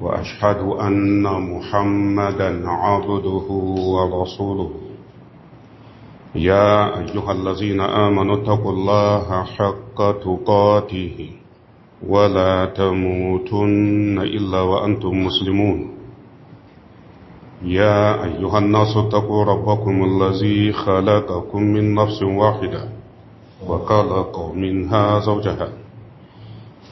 واشهد ان محمدا عبده ورسوله يا ايها الذين امنوا اتقوا الله حق تقاته ولا تموتن الا وانتم مسلمون يا ايها الناس اتقوا ربكم الذي خلقكم من نفس واحده وخلق منها زوجها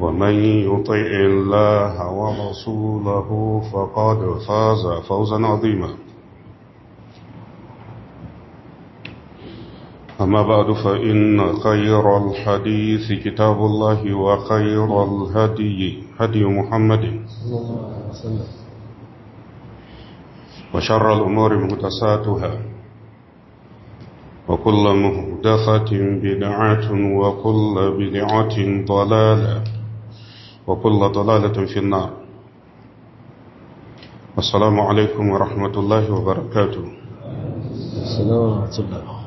ومن يطع الله ورسوله فقد فاز فوزا عظيما أما بعد فإن خير الحديث كتاب الله وخير الهدي هدي محمد وشر الأمور مهدساتها وكل مهدفة بدعة وكل بدعة ضلالة وكل ضلالة في النار السلام عليكم ورحمة الله وبركاته السلام ورحمة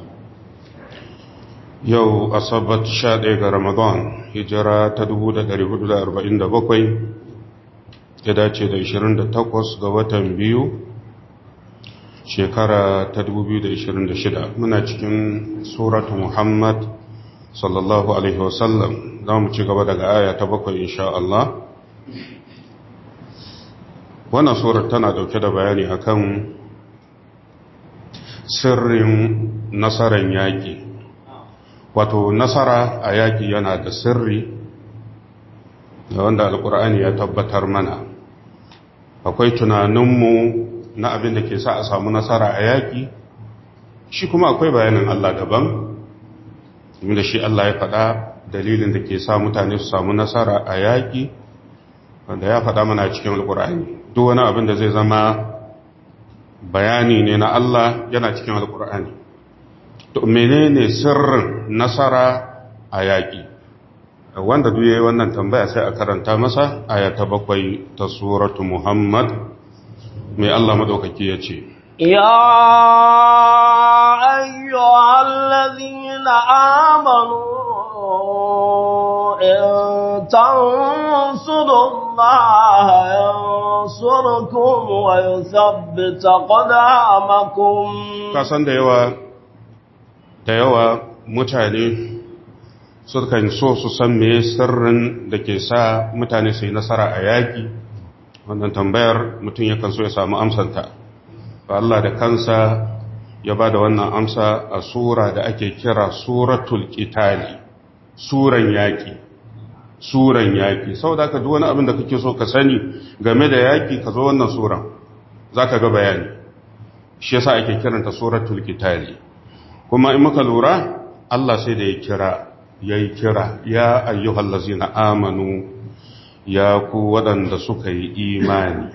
yau asabar sha ɗaya ga ramadan hijira ta 1447 ya dace da 28 ga watan biyu shekara ta 2026 muna cikin suratu muhammad sallallahu alaihi wasallam za mu ci gaba daga aya ta bakwai insha Allah wannan surar tana dauke da bayani akan sirrin nasaran yaƙi wato nasara a yaƙi yana da sirri wanda alƙur'ani ya tabbatar mana akwai tunaninmu na abin da ke sa a samu nasara a yaƙi shi kuma akwai bayanin Allah daban inda shi Allah ya faɗa dalilin da ke sa mutane su samu nasara a yaƙi wanda ya faɗa mana cikin alƙur'ani duk wani abin da zai zama bayani ne na Allah yana cikin alƙur'ani to menene sirrin nasara a yaƙi wanda duk yayi wannan tambaya sai a karanta masa aya ta bakwai ta suratu Muhammad mai Allah madaukaki ya ce ya أيها الذين آمنوا إن تنصروا الله ينصركم ويثبت قدامكم كسان ديوا ديوا متعلي sukan so su san me sirrin da ke sa mutane su yi nasara a yaƙi wannan tambayar mutum yakan so ya samu amsanta ba Allah da kansa ya ba da wannan amsa a sura da ake kira suratul qitali suran yaƙi suran yaƙi Sau da ka duk wani abin da kake so ka sani game da yaƙi ka zo wannan suran ka ga bayani shi yasa ake kiranta suratul itali kuma in muka lura Allah sai da ya kira Ya yi kira ya na amanu ya ku waɗanda suka yi imani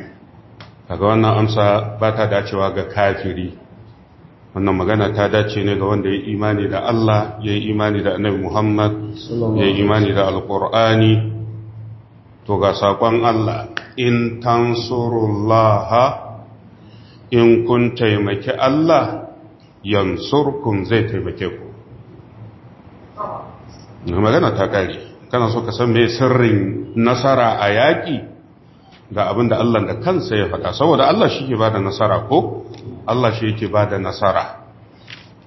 kaga wannan amsa ba ta dacewa ga kafiri wannan magana ta dace ne ga wanda ya imani da Allah ya yi imani da annabi Muhammad ya yi imani da alkur'ani to ga sakon Allah in tansurullaha in kun taimake Allah yansurkum zai taimake ku magana ta kare kana so ka san me sirrin nasara a yaƙi Da abin da Allah da kansa ya faɗa saboda Allah shi ke ba da nasara ko Allah shi yake ba da nasara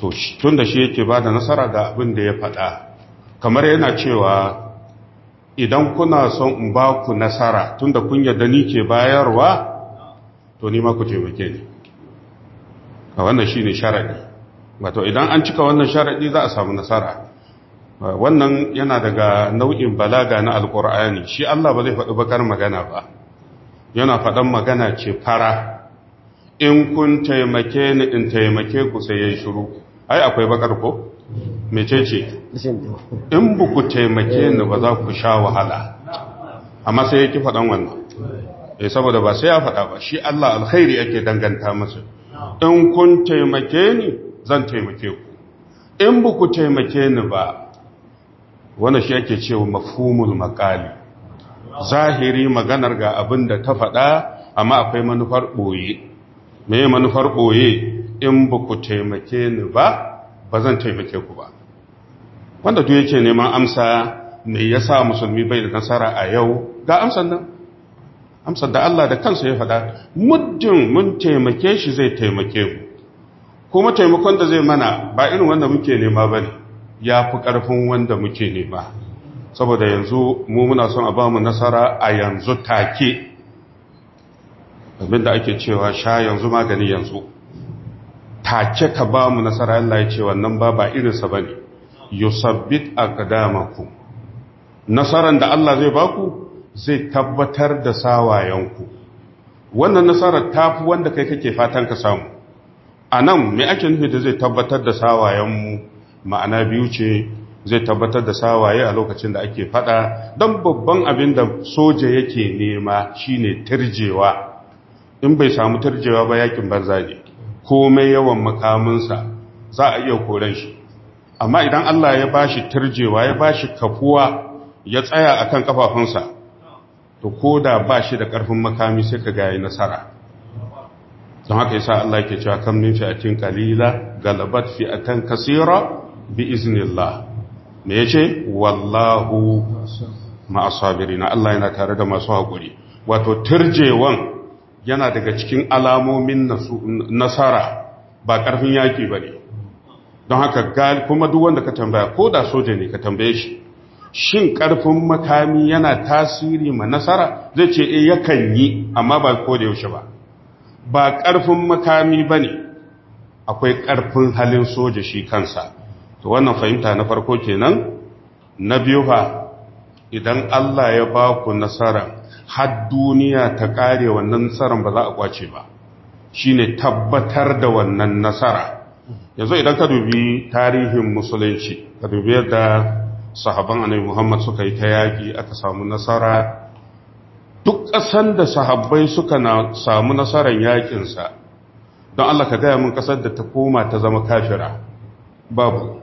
to tun shi yake ba da nasara ga abin da ya faɗa kamar yana cewa idan kuna son in ba ku nasara tun kun yarda ni ke bayarwa to ni ma ku taimake ni a wannan shi ne sharaɗi wato idan an cika wannan sharaɗi za a samu nasara wannan yana daga nau'in balaga na alƙur'ani shi Allah ba zai faɗi bakar magana ba yana faɗan magana ce fara in kun taimake ni in taimake ku sai ya yi shuru ai akwai bakar ko ce? in bu ku taimake ni ba za ku sha wahala amma sai ya ki faɗan wannan eh saboda ba sai ya faɗa ba shi Allah alkhairi yake danganta masa in kun taimake ni zan taimake ku in bu ku taimake ni ba wannan shi yake cewa mafhumul maqali zahiri maganar ga abin da ta faɗa amma akwai manufar ɓoye me manufar ɓoye in ba ku taimake ni ba ba zan taimake ku ba wanda duk yake neman amsa me yasa musulmi bai da nasara a yau ga amsan nan amsan da Allah da kansa ya faɗa muddin mun taimake shi zai taimake mu kuma taimakon da zai mana ba irin wanda muke nema ba ne ya fi ƙarfin wanda muke nema saboda yanzu mu muna son a bamu nasara a yanzu take abinda ake cewa sha yanzu magani yanzu take ka bamu nasara Allah ya ce wannan ba ba irinsa ba ne yusabbit aqdamakum nasaran da Allah zai baku zai tabbatar da sawayenku wannan nasarar tafi wanda kai kake fatan ka samu anan me ake nufi da zai tabbatar da sawayenmu ma'ana biyu ce zai tabbatar da sawaye a lokacin da ake fada don babban abin da soja yake nema shine tarjewa. in bai samu tarjewa ba yakin banza ne komai yawan makaminsa za a iya koren shi amma idan Allah ya bashi tarjewa ya bashi kafuwa ya tsaya akan kafafunsa to ko koda bashi da karfin makami sai ka gaya nasara don haka yasa Allah ke cewa kam min fi'atin qalila galabat fi'atan kaseera bi iznillah ya ce? wallahu ma'asabirina Allah yana tare da masu haƙuri. wato turjewan yana daga cikin alamomin nasara ba ƙarfin yaƙi ba ne, don haka gali kuma duk wanda ka tambaya ko da soja ne ka tambaye shi shin ƙarfin makami yana tasiri ma nasara zai ce e yakan yi amma ba ko da yaushe ba ba ƙarfin makami ba ne, akwai ƙarfin halin soja shi kansa to wannan fahimta na farko kenan na biyu fa idan Allah ya ba ku nasara har duniya ta kare wannan nasaran ba za a kwace ba shine tabbatar da wannan nasara yanzu idan ka dubi tarihin musulunci ka dubi yadda sahaban annabi Muhammad suka yi ta yaki aka samu nasara duk ƙasan da sahabbai suka na samu nasarar yakinsa don Allah ka gaya min ƙasar da ta koma ta zama kafira babu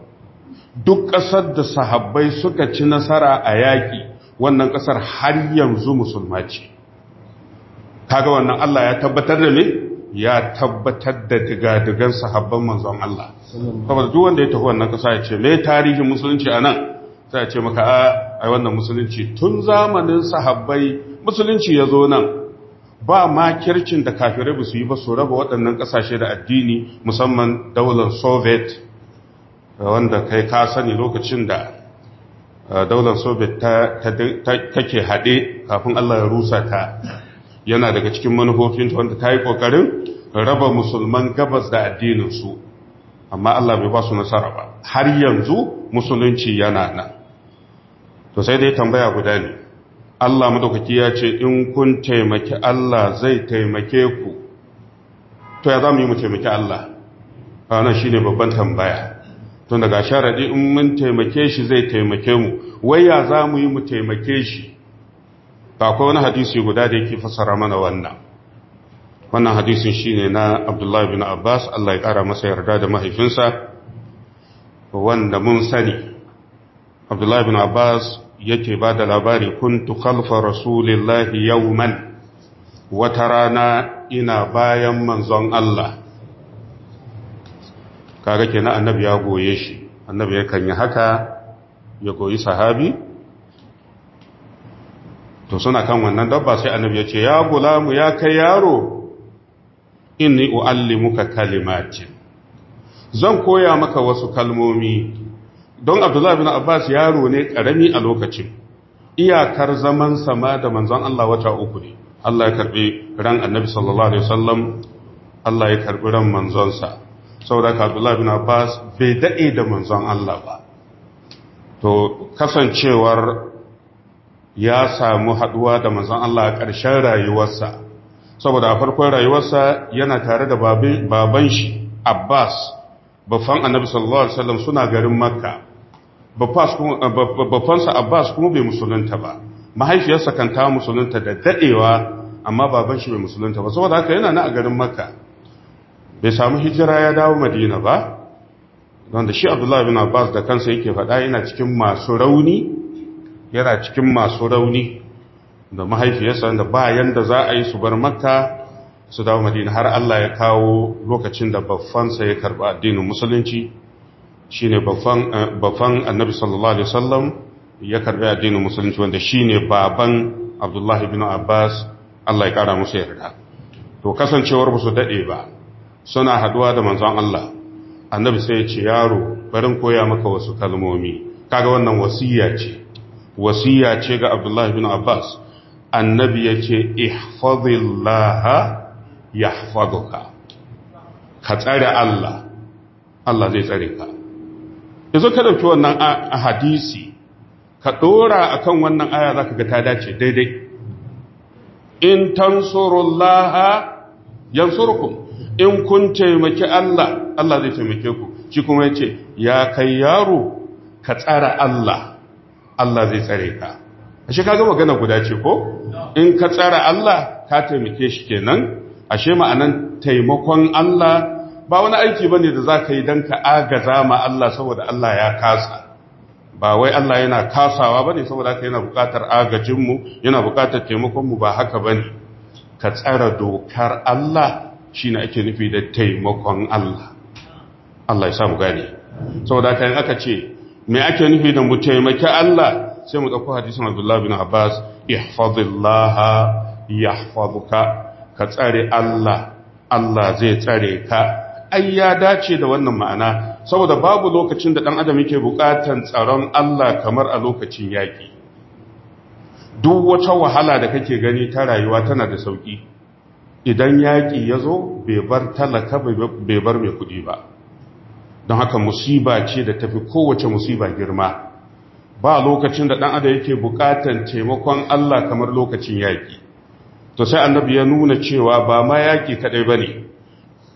duk ƙasar da sahabbai suka ci nasara a yaƙi wannan ƙasar har yanzu musulma ce kaga wannan Allah ya tabbatar da me ya tabbatar da digadigan sahabban manzon Allah saboda duk wanda ya tafi wannan ƙasa ya ce me tarihin musulunci anan sai ya ce maka a wannan musulunci tun zamanin sahabbai musulunci ya zo nan ba ma kircin da kafirai ba su yi ba su raba waɗannan ƙasashe da addini musamman daular soviet wanda kai ka sani lokacin da uh, daular ta take haɗe kafin allah ya rusa ta yana daga cikin manufofinta wanda ta yi ƙoƙarin raba musulman gabas da addininsu amma allah bai ba su nasara ba har yanzu musulunci yana nan to sai dai tambaya guda ne allah madaukaki ya ce in kun taimaki allah zai taimake ku to ya za mu yi mu taimaki allah ranar shi ne babban tambaya tun daga sharadi in mun taimake shi zai taimake mu wai ya za mu yi mu taimake shi ba akwai wani hadisi guda da yake fasara mana wannan wannan hadisin shine na Abdullahi bin Abbas Allah ya kara masa yarda da mahaifinsa wanda mun sani Abdullahi bin Abbas yake ba da labari kuntu khalfa rasulillahi yawman wata rana ina bayan manzon Allah kaga kenan annabi ya goye shi annabi ya kan haka ya goyi sahabi to suna kan wannan dabba sai annabi ya ce ya gulamu ya kai yaro inni uallimuka kalimatin zan koya maka wasu kalmomi don abdullahi bin abbas yaro ne karami a lokacin iyakar zaman sama da manzon Allah wata uku ne Allah ya karbi ran annabi sallallahu alaihi wasallam Allah ya karbi ran manzonsa saboda ka Abdullah bin Abbas bai dade da manzon Allah ba to kasancewar ya samu haduwa da manzon Allah a ƙarshen rayuwarsa saboda a farkon rayuwarsa yana tare da baban shi Abbas bafan Annabi sallallahu alaihi wasallam suna garin Makka bafansa eh, Abbas kuma bai musulunta ba mahaifiyarsa kan ta musulunta da dadewa amma baban shi bai musulunta ba saboda haka yana na a garin Makka bai samu hijira ya dawo madina ba don shi abdullahi bin abbas da kansa yake faɗa yana cikin masu rauni yana cikin masu rauni da mahaifiyarsa da bayan da za a yi su bar makka su dawo madina har allah ya kawo lokacin da baffansa ya karɓi addinin musulunci shine eh, baffan annabi sallallahu alaihi wasallam ya karɓi addinin musulunci wanda shine baban abdullahi bin abbas allah ya ƙara musu yarda to kasancewar ba su daɗe ba suna haduwa da manzon Allah annabi sai ya ce yaro barin koya maka wasu kalmomi kaga wannan wasiya ce wasiya ce ga Abdullah ibn Abbas annabi ya ce ihfazillaha yahfazuka ka tsare Allah Allah zai tsare ka yanzu ka dauki wannan hadisi ka dora akan wannan aya zaka ga ta dace daidai in tansurullaha yansurukum in kun taimaki Allah Allah zai taimake ku shi kuma ya ce, ya kai yaro ka tsara Allah Allah zai tsare ka ashe ka gama gana guda ce ko in ka tsara Allah ka taimake shi kenan ashe ma'anan taimakon Allah ba wani aiki bane da za ka yi don ka agaza ma Allah saboda Allah ya kasa ba wai Allah yana kasawa ba ne saboda haka yana bukatar agajinmu yana bukatar taimakonmu ba haka ba ne. ka tsara dokar Allah shi ake nufi da taimakon Allah Allah ya samu gane saboda kayan aka ce mai ake nufi da mu taimaki Allah sai mu ɗauko hadisun abdullahi bin abbas ihfazillaha yahfazuka ka tsare Allah Allah zai tsare ka ai ya dace da wannan ma'ana saboda babu lokacin da ɗan adam yake buƙatan tsaron Allah kamar a lokacin yaƙi duk wata wahala da kake gani ta rayuwa tana da sauƙi idan yaƙi ya zo bai bar talaka bai bar mai kudi ba don haka musiba ce da tafi kowace musiba girma ba lokacin da ɗan adam yake buƙatan taimakon Allah kamar lokacin yaƙi to sai annabi ya nuna cewa ba ma yaƙi kaɗai ba ne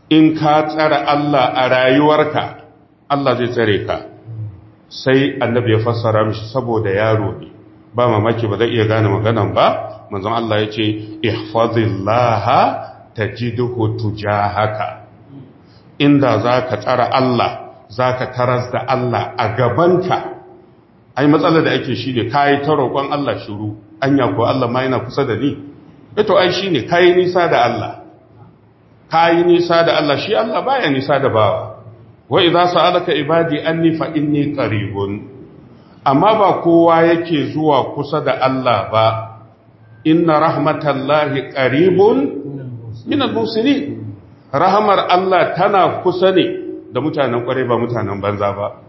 in ka tsara Allah a rayuwarka Allah zai tsare ka sai annabi ya fassara mishi saboda yaro ne ba mamaki ba zai iya gane maganan ba manzon Allah ya ce ihfazillaha tajiduhu tujahaka inda zaka tsara Allah zaka taras da Allah a gabanka ai matsalar da ake shi ne kai ta roƙon Allah shiru anya ko Allah ma yana kusa da ni eh to ai shine kai nisa da Allah kai nisa da Allah shi Allah baya nisa da bawa wa idza sa'alaka ibadi anni fa inni qaribun amma ba kowa yake zuwa kusa da Allah ba inna rahmatallahi qaribun min al musiri rahmar Allah tana kusa ne da mutanen kware ba mutanen banza ba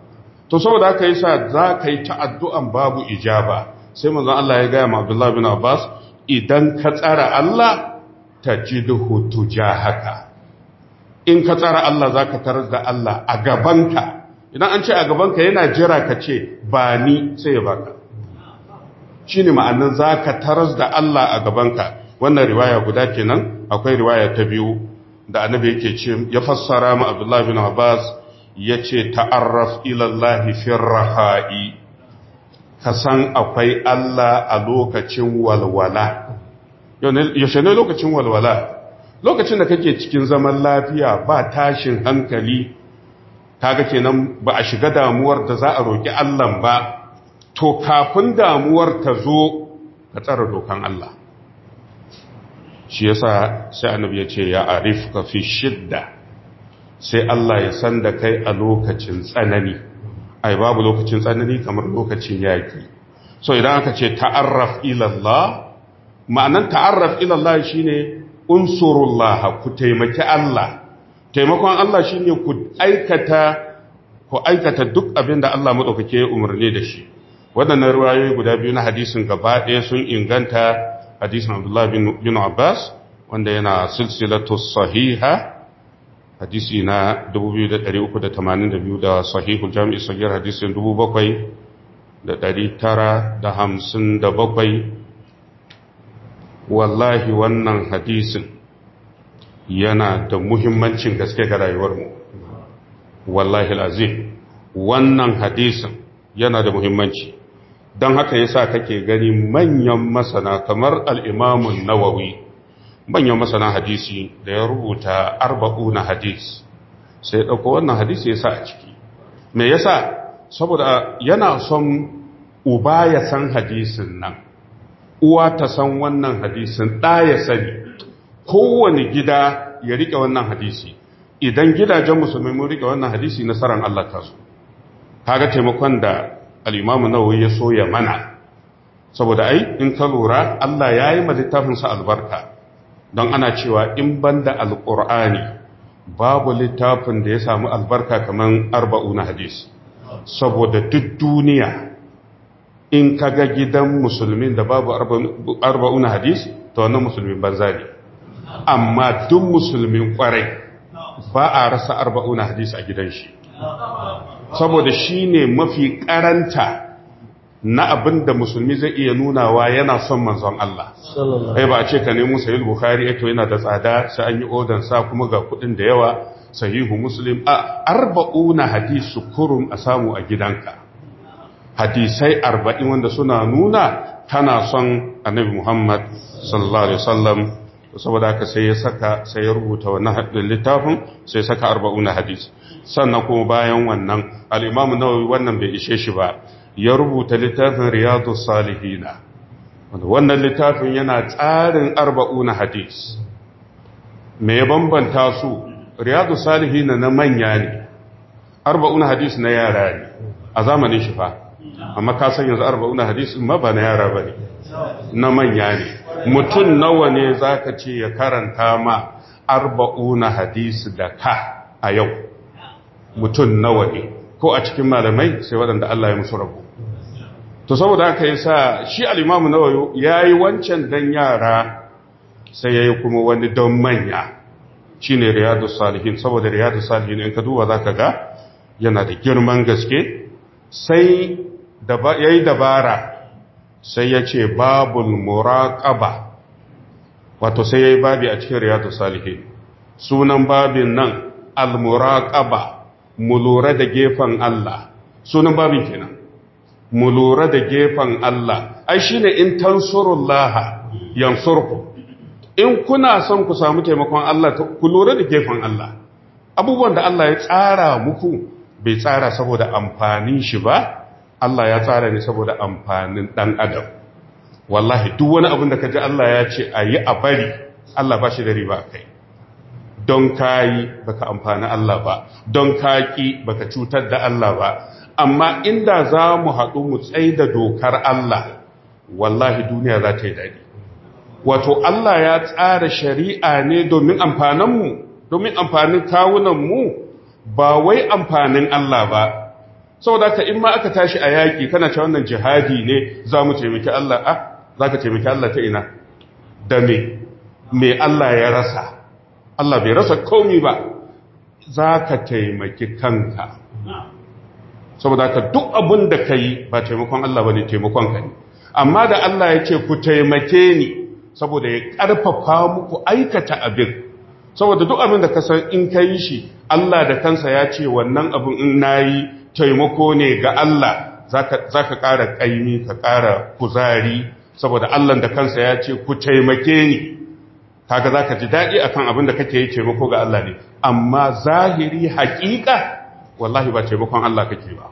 to saboda haka yasa za ka yi ta addu'an babu ijaba sai manzon Allah ya gaya ma Abdullah bin Abbas idan ka tsara Allah tajiduhu tujahaka in ka tsara Allah zaka tarar da Allah a gabanka idan an ce a gabanka yana jira ka ce ba ni sai ya baka ma'anin za ka taras da Allah a gabanka wannan riwaya guda kenan akwai riwaya ta biyu da annabi yake ce ya fassara ma Abdullah bin Abbas ya ce ta'arraf ilallahi firraha'i. rahai ka san akwai Allah a lokacin walwala yaushe ne lokacin walwala lokacin da kake cikin zaman lafiya ba tashin hankali kaga kenan ba a shiga damuwar da za a roƙi Allah ba to kafin damuwar ta zo ka tsara dokan Allah shi yasa sai annabi ya ce ya arifka fi shidda sai Allah ya san da kai a lokacin tsanani ai babu lokacin tsanani kamar lokacin yaki so idan aka ce ta'arraf ila Allah ma'anan ta'arraf ila Allah shine unsurullah ku taimaki Allah taimakon Allah shine ku aikata ku aikata duk abin da Allah madaukake ya umarni da shi waɗannan ruwayoyi guda biyu na hadisin gaba ɗaya sun inganta hadisin abdullahi bin abbas wanda yana silsilatu sahiha hadisi na 2382 da sahihul jami'i sahihar hadisin 7957 wallahi wannan hadisin yana da muhimmancin gaske ga rayuwarmu wallahi al'azim wannan hadisin yana da muhimmanci don haka yasa kake gani manyan masana kamar al’imamun nawawi manyan masana hadisi da ya rubuta arba'u na hadis sai ya ɗauko wannan hadisi ya sa a ciki me yasa saboda yana son uba ya san hadisin nan uwa ta san wannan hadisin ɗa ya sani kowane gida ya riƙe wannan hadisi idan gidajen musulmi mun riƙe wannan hadisi nasarar Allah ta zo ga taimakon da al'imamu na ya so ya mana saboda ai in ka lura Allah ya yi littafinsa albarka don ana cewa in banda alƙur'ani babu littafin da ya samu albarka kamar arba'u na hadis saboda duk duniya in ka ga gidan musulmin da babu arba'u na hadis ta wannan musulmin banza ne amma duk musulmin kwarai ba a rasa arba'u na hadis a gidan shi saboda shi ne mafi karanta na abin da musulmi zai iya nunawa yana son manzon Allah ai eh, ba a ce ka nemo sahih bukhari eto eh, yana da tsada sai an yi odan sa kuma ga kudin da yawa sahihu muslim a arba'una hadisu kurum a samu a gidanka hadisai arba'in wanda suna nuna tana son annabi muhammad sallallahu alaihi wasallam saboda haka sai ya saka sai ya rubuta wannan littafin sai saka arba'una hadisi sannan kuma bayan wannan al'imamu na wannan bai ishe shi ba ya rubuta littafin riyadu salihina wannan littafin yana tsarin Arba'u na hadis mai bambanta su riyadu salihina na manya ne Arba'u na hadis na yara ne a zamanin shi fa amma ka san yanzu Arba'u na hadis ma ba na yara ba ne na manya ne mutum nawa ne za ka ce ya karanta ma Arba'u na hadis da ka a yau mutum nawa ne ko a cikin malamai sai waɗanda Allah ya musu rabu to saboda aka haka sa shi alimamu nawa ya yi wancan dan yara sai ya yi kuma wani don manya shine Riyadu Salihin saboda Riyadu Salihin in ka duba ka ga yana da girman gaske sai ya yi dabara sai ya ce babul muraqaba wato sai ya yi babi a cikin Riyadu Salihin sunan babin nan al-muraqaba mu da gefen Allah sunan babin kenan mulura da gefen Allah ai shine in tansurullaha yansurku in kuna son ku samu taimakon Allah ku lura da gefen Allah abubuwan da Allah ya tsara muku bai tsara saboda amfanin shi ba Allah ya tsara ne saboda amfanin dan adam wallahi duk wani abin da kaji Allah ya ce ayi a bari Allah ba shi da riba kai don kayi baka amfani Allah ba don kaki baka cutar da Allah ba amma inda za mu haɗu mu tsaye da dokar Allah wallahi duniya za ta yi daɗi wato Allah ya tsara shari'a ne domin amfaninmu domin amfanin kawunanmu ba wai amfanin Allah ba saboda ka in ma aka tashi a yaƙi kana ce wannan jihadi ne za mu taimaki Allah ah za ka taimaki Allah ta ina da me me Allah ya rasa Allah bai rasa komi ba za ka taimaki kanka saboda ka duk abin da ka yi ba taimakon Allah ba ne taimakon ka ne amma da Allah ya ce ku taimake ni saboda ya ƙarfafa muku aikata abin saboda duk abin da ka san in ka yi shi Allah da kansa ya ce wannan abin in na yi taimako ne ga Allah za ka ƙara ƙaimi ka ƙara kuzari saboda Allah da kansa ya ce ku taimake ni kaga za ka ji daɗi a kan abin da kake yi taimako ga Allah ne amma zahiri haƙiƙa wallahi ba taimakon Allah kake ba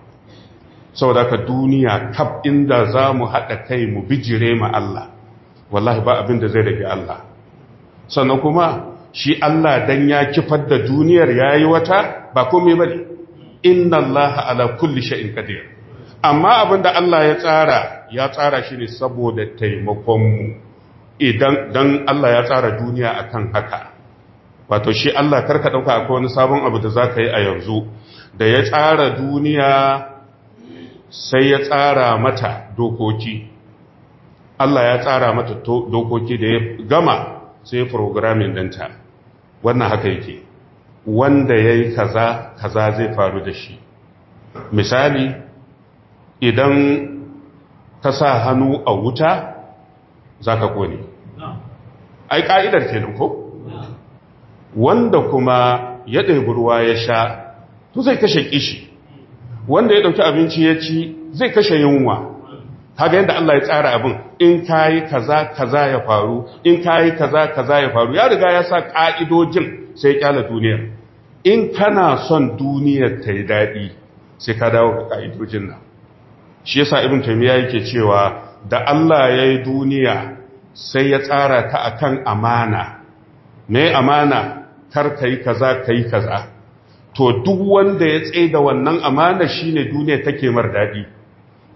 saboda ka duniya kaf inda zamu haɗa kai mu bijire ma Allah wallahi ba abin da zai rage Allah sannan kuma shi Allah dan ya kifar da duniyar ya yi wata ba ba ne inna Allah ala kulli sha'in kadir amma abin da Allah ya tsara ya tsara shi ne saboda taimakonmu. idan dan Allah ya tsara duniya akan haka wato shi Allah karka ɗauka akwai wani sabon abu da zaka yi a yanzu da ya tsara duniya sai ya tsara mata dokoki Allah ya tsara mata dokoki da ya gama sai programming dinta wannan haka yake wanda yayi kaza kaza zai faru da shi misali idan ka sa hannu a wuta za ka kone ai ƙa'idar kenan ko wanda kuma ya ɗaibu ruwa ya sha to zai kashe kishi wanda ya ɗauki abinci ya ci zai kashe yunwa ga yadda Allah ya tsara abin in ka yi kaza kaza ya faru in ka yi kaza kaza ya faru ya riga ya sa ƙa'idojin sai ƙyala duniya in kana son duniyar ta yi daɗi sai ka dawo ga ƙa'idojin nan shi yasa ibin yake cewa da Allah ya yi duniya sai ya tsara ta akan amana mai amana kar ka yi kaza ka yi kaza to duk wanda ya tsaye da wannan amana shine duniya take mar daɗi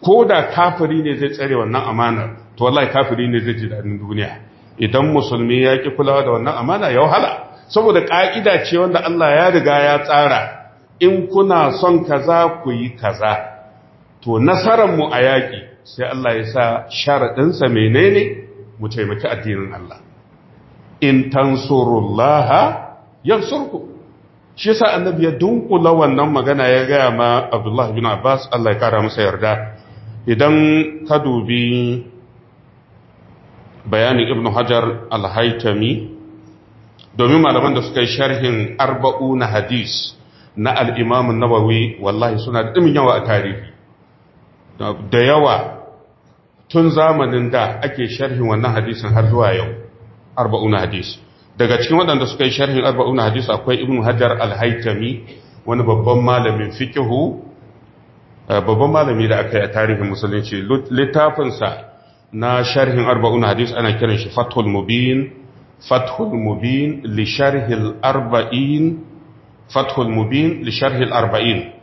ko da kafiri ne zai tsare wannan amana to wallahi kafiri ne zai ji daɗin duniya idan musulmi ya ƙi kulawa da wannan amana ya wahala saboda ƙa'ida ce wanda Allah ya riga ya tsara in kuna son kaza ku yi kaza to nasararmu a yaƙi sai Allah ya sa sharaɗinsa menene mu taimaki addinin Allah in tansurullaha surku. shi yasa annabi ya dunkula wannan magana ya gaya ma Abdullah bin Abbas Allah ya ƙara masa yarda idan ka dubi bayanin Ibn Hajar al haitami domin malaman da suka yi sharhin arba'u na hadis na al'imamin imam nawawi wallahi suna da dimin yawa a tarihi da yawa tun zamanin da ake sharhin wannan hadisin har zuwa yau arba'una hadis daga cikin waɗanda suka yi sharhin arba'una hadis akwai ibnu hajar al-haitami wani babban malamin fikihu eh, babban malami da aka yi a tarihin musulunci littafinsa na sharhin arba'una hadis ana kiran shi fathul mubin fathul mubin li sharhil arba'in fathul mubin li sharhil arba'in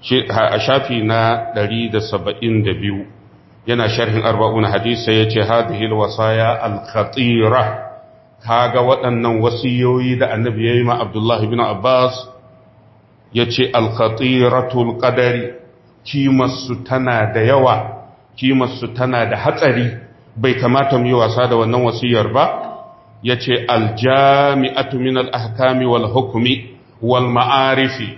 a shafi na 172 yana sharhin arba'un hadis sai yace hadhihi alwasaya Ka kaga waɗannan wasiyoyi da annabi yayi ma Abdullah bin Abbas yace alkhatiratul ƙadari kimarsu tana da yawa kimarsu tana da hatsari bai kamata mu yi wasa da wannan wasiyar ba yace aljami'atu min al-ahkami wal hukmi wal ma'arifi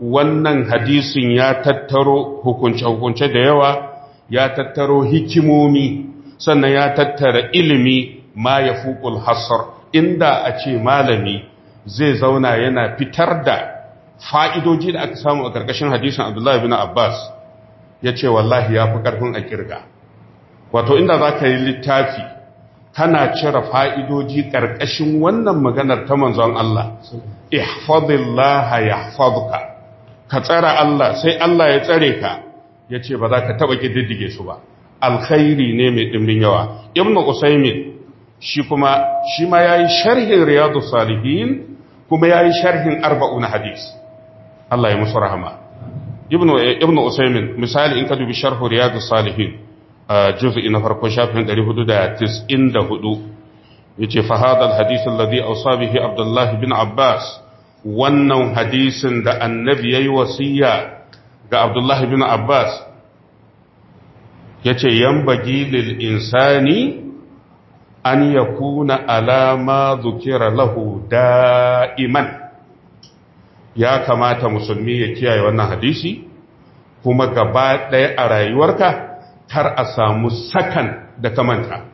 wannan hadisin ya tattaro hukunce-hukunce da yawa ya tattaro hikimomi sannan ya tattara ilimi ma ya fuƙul inda a ce malami zai zauna yana fitar da fa'idoji da aka samu a ƙarƙashin hadisin abdullahi bin abbas ya ce wallahi ya fi ƙarfin a ƙirga wato inda za ka yi littafi kana cire fa'idoji ƙarƙashin wannan maganar ta manzon Allah ihfadillaha yahfaduka ka tsara Allah sai Allah ya tsare ka ya ce ba za ka taɓa ƙididdige su ba alkhairi ne mai ɗimbin yawa Ibn usaimin shi kuma shi ma yayi sharhin riyadu salihin kuma ya yi sharhin Arba'u na hadis Allah ya musu rahama Ibn ibnu usaimin misali in ka dubi sharhu riyadu salihin juz'i na farko shafin 494 ya ce fahadar alhadith Ladi a Usabihi Abdullahi bin abbas wannan hadisin da annabi ya yi wasiya ga abdullahi bin abbas ya ce yambagi lil insani an ya kuna alama zukira lahu da'iman ya kamata musulmi ya kiyaye wannan hadisi kuma gaba ɗaya a rayuwarka kar a samu sakan da kamanta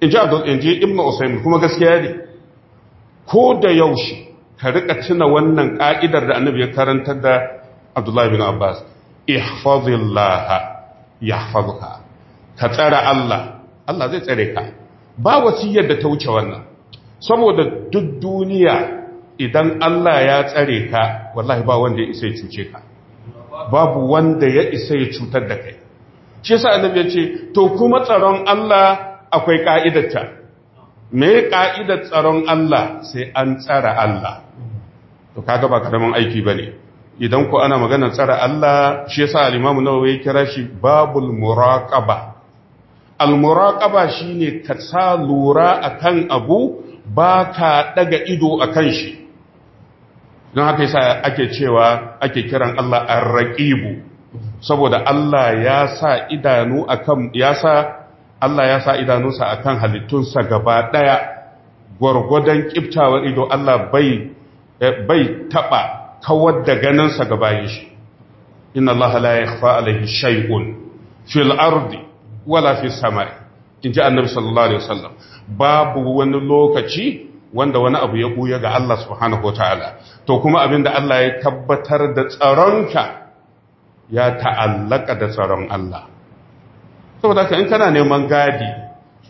in ji abdullahi in ji ibn usaim kuma gaskiya ne ko da yaushe ka rika cina wannan ƙa'idar da annabi ya karantar da abdullahi bin abbas ihfazillaha yahfazuka ka tsara Allah Allah zai tsare ka ba wasu yadda ta wuce wannan saboda duk duniya idan Allah ya tsare ka wallahi ba wanda ya isa ya cuce ka babu wanda ya isa ya cutar da kai shi sa annabi ya ce to kuma tsaron Allah akwai ƙa'idarta me ka'idar tsaron Allah sai an tsara Allah to kaga ba karamin aiki bane idan ku ana magana tsara Allah shi yasa al-Imam Nawawi kira shi babul muraqaba al-muraqaba shine ka sa lura akan abu ba ka daga ido akan shi don haka yasa ake cewa ake kiran Allah ar-raqibu saboda Allah ya sa idanu akan ya sa Allah ya sa idanunsa a kan halittunsa gaba ɗaya gwargwadon ƙiftawar ido Allah bai eh, taɓa kawar da ganinsa gaba shi inna Allah la yakhfa alaihi shay'un fil ardi wala samari. samai inji annabi sallallahu alaihi wasallam babu wani lokaci wanda wani abu ya buya ga Allah subhanahu wataala to kuma abin da Allah ya tabbatar da tsaronka ya ta'allaka da tsaron Allah saboda ka in kana neman gadi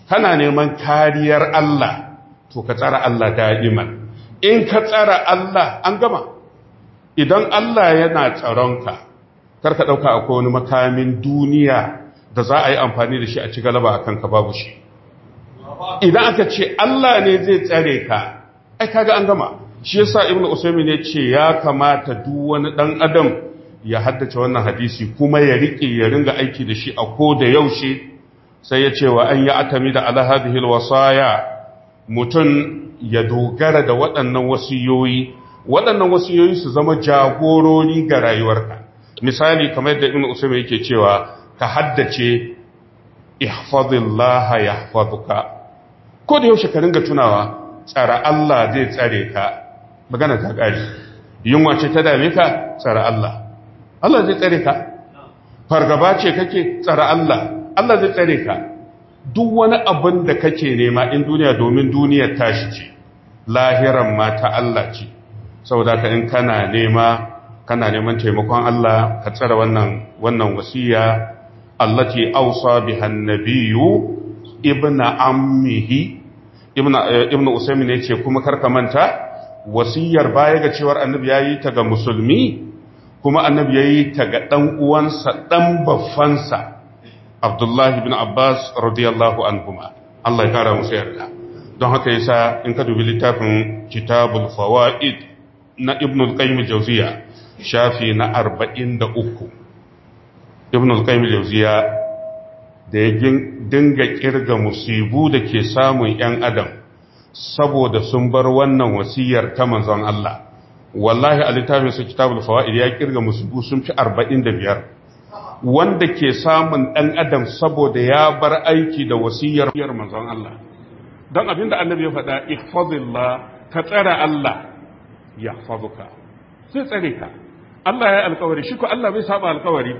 kana neman kariyar Allah to ka tsara Allah da'iman in ka tsara Allah an gama idan Allah yana tsaronka ka ɗauka akwai wani makamin duniya da za a yi amfani da shi a ci galaba a ka babu shi idan aka ce Allah ne zai tsare ka ai kaga an gama shi yasa ibnu usaymin ya ce ya kamata duk wani dan adam ya haddace wannan hadisi kuma ya rike ya ringa aiki da shi a ko da yaushe sai ya ce wa an yi atami da alhazihil wasaya mutum ya dogara da waɗannan wasiyoyi waɗannan wasiyoyi su zama jagorori ga rayuwarka misali kamar yadda ibn Usayma yake cewa ka haddace ihfazillaha yahfazuka ko da yaushe ka ringa tunawa tsara Allah zai tsare ka magana ta kare yunwa ce ta dame ka tsara Allah Allah zai tsare ka fargaba ce kake tsara Allah Allah zai tsare ka duk wani abin da kake nema in duniya domin duniyar tashi ce lahiran ma ta Allah ce saboda ka in kana nema kana neman taimakon Allah ka tsara wannan wannan wasiya allati awsa biha annabiyyu ibnu ammihi ibnu eh, ibnu usaymin yace kuma karka manta wasiyar baya ga cewar annabi yayi ta ga musulmi kuma annabi ya yi ta ga ɗan uwansa ɗan baffansa abdullahi bin abbas radiyallahu kuma. Allah ya kara musu yarda don haka yasa in ka dubi littafin kitabul fawaid na ibn al-qayyim jawziya shafi na 43 ibn al-qayyim jawziya da ya dinga kirga musibu da ke samun yan adam saboda sun bar wannan wasiyar ta manzon Allah wallahi a littafin su kitabul fawaid ya kirga musubu sun fi biyar. wanda ke samun dan adam saboda ya bar aiki da wasiyar manzon Allah dan abinda annabi ya faɗa ihfazillah ka tsara Allah fabuka sai tsare ka Allah ya alkawari shi ko Allah bai saba alkawari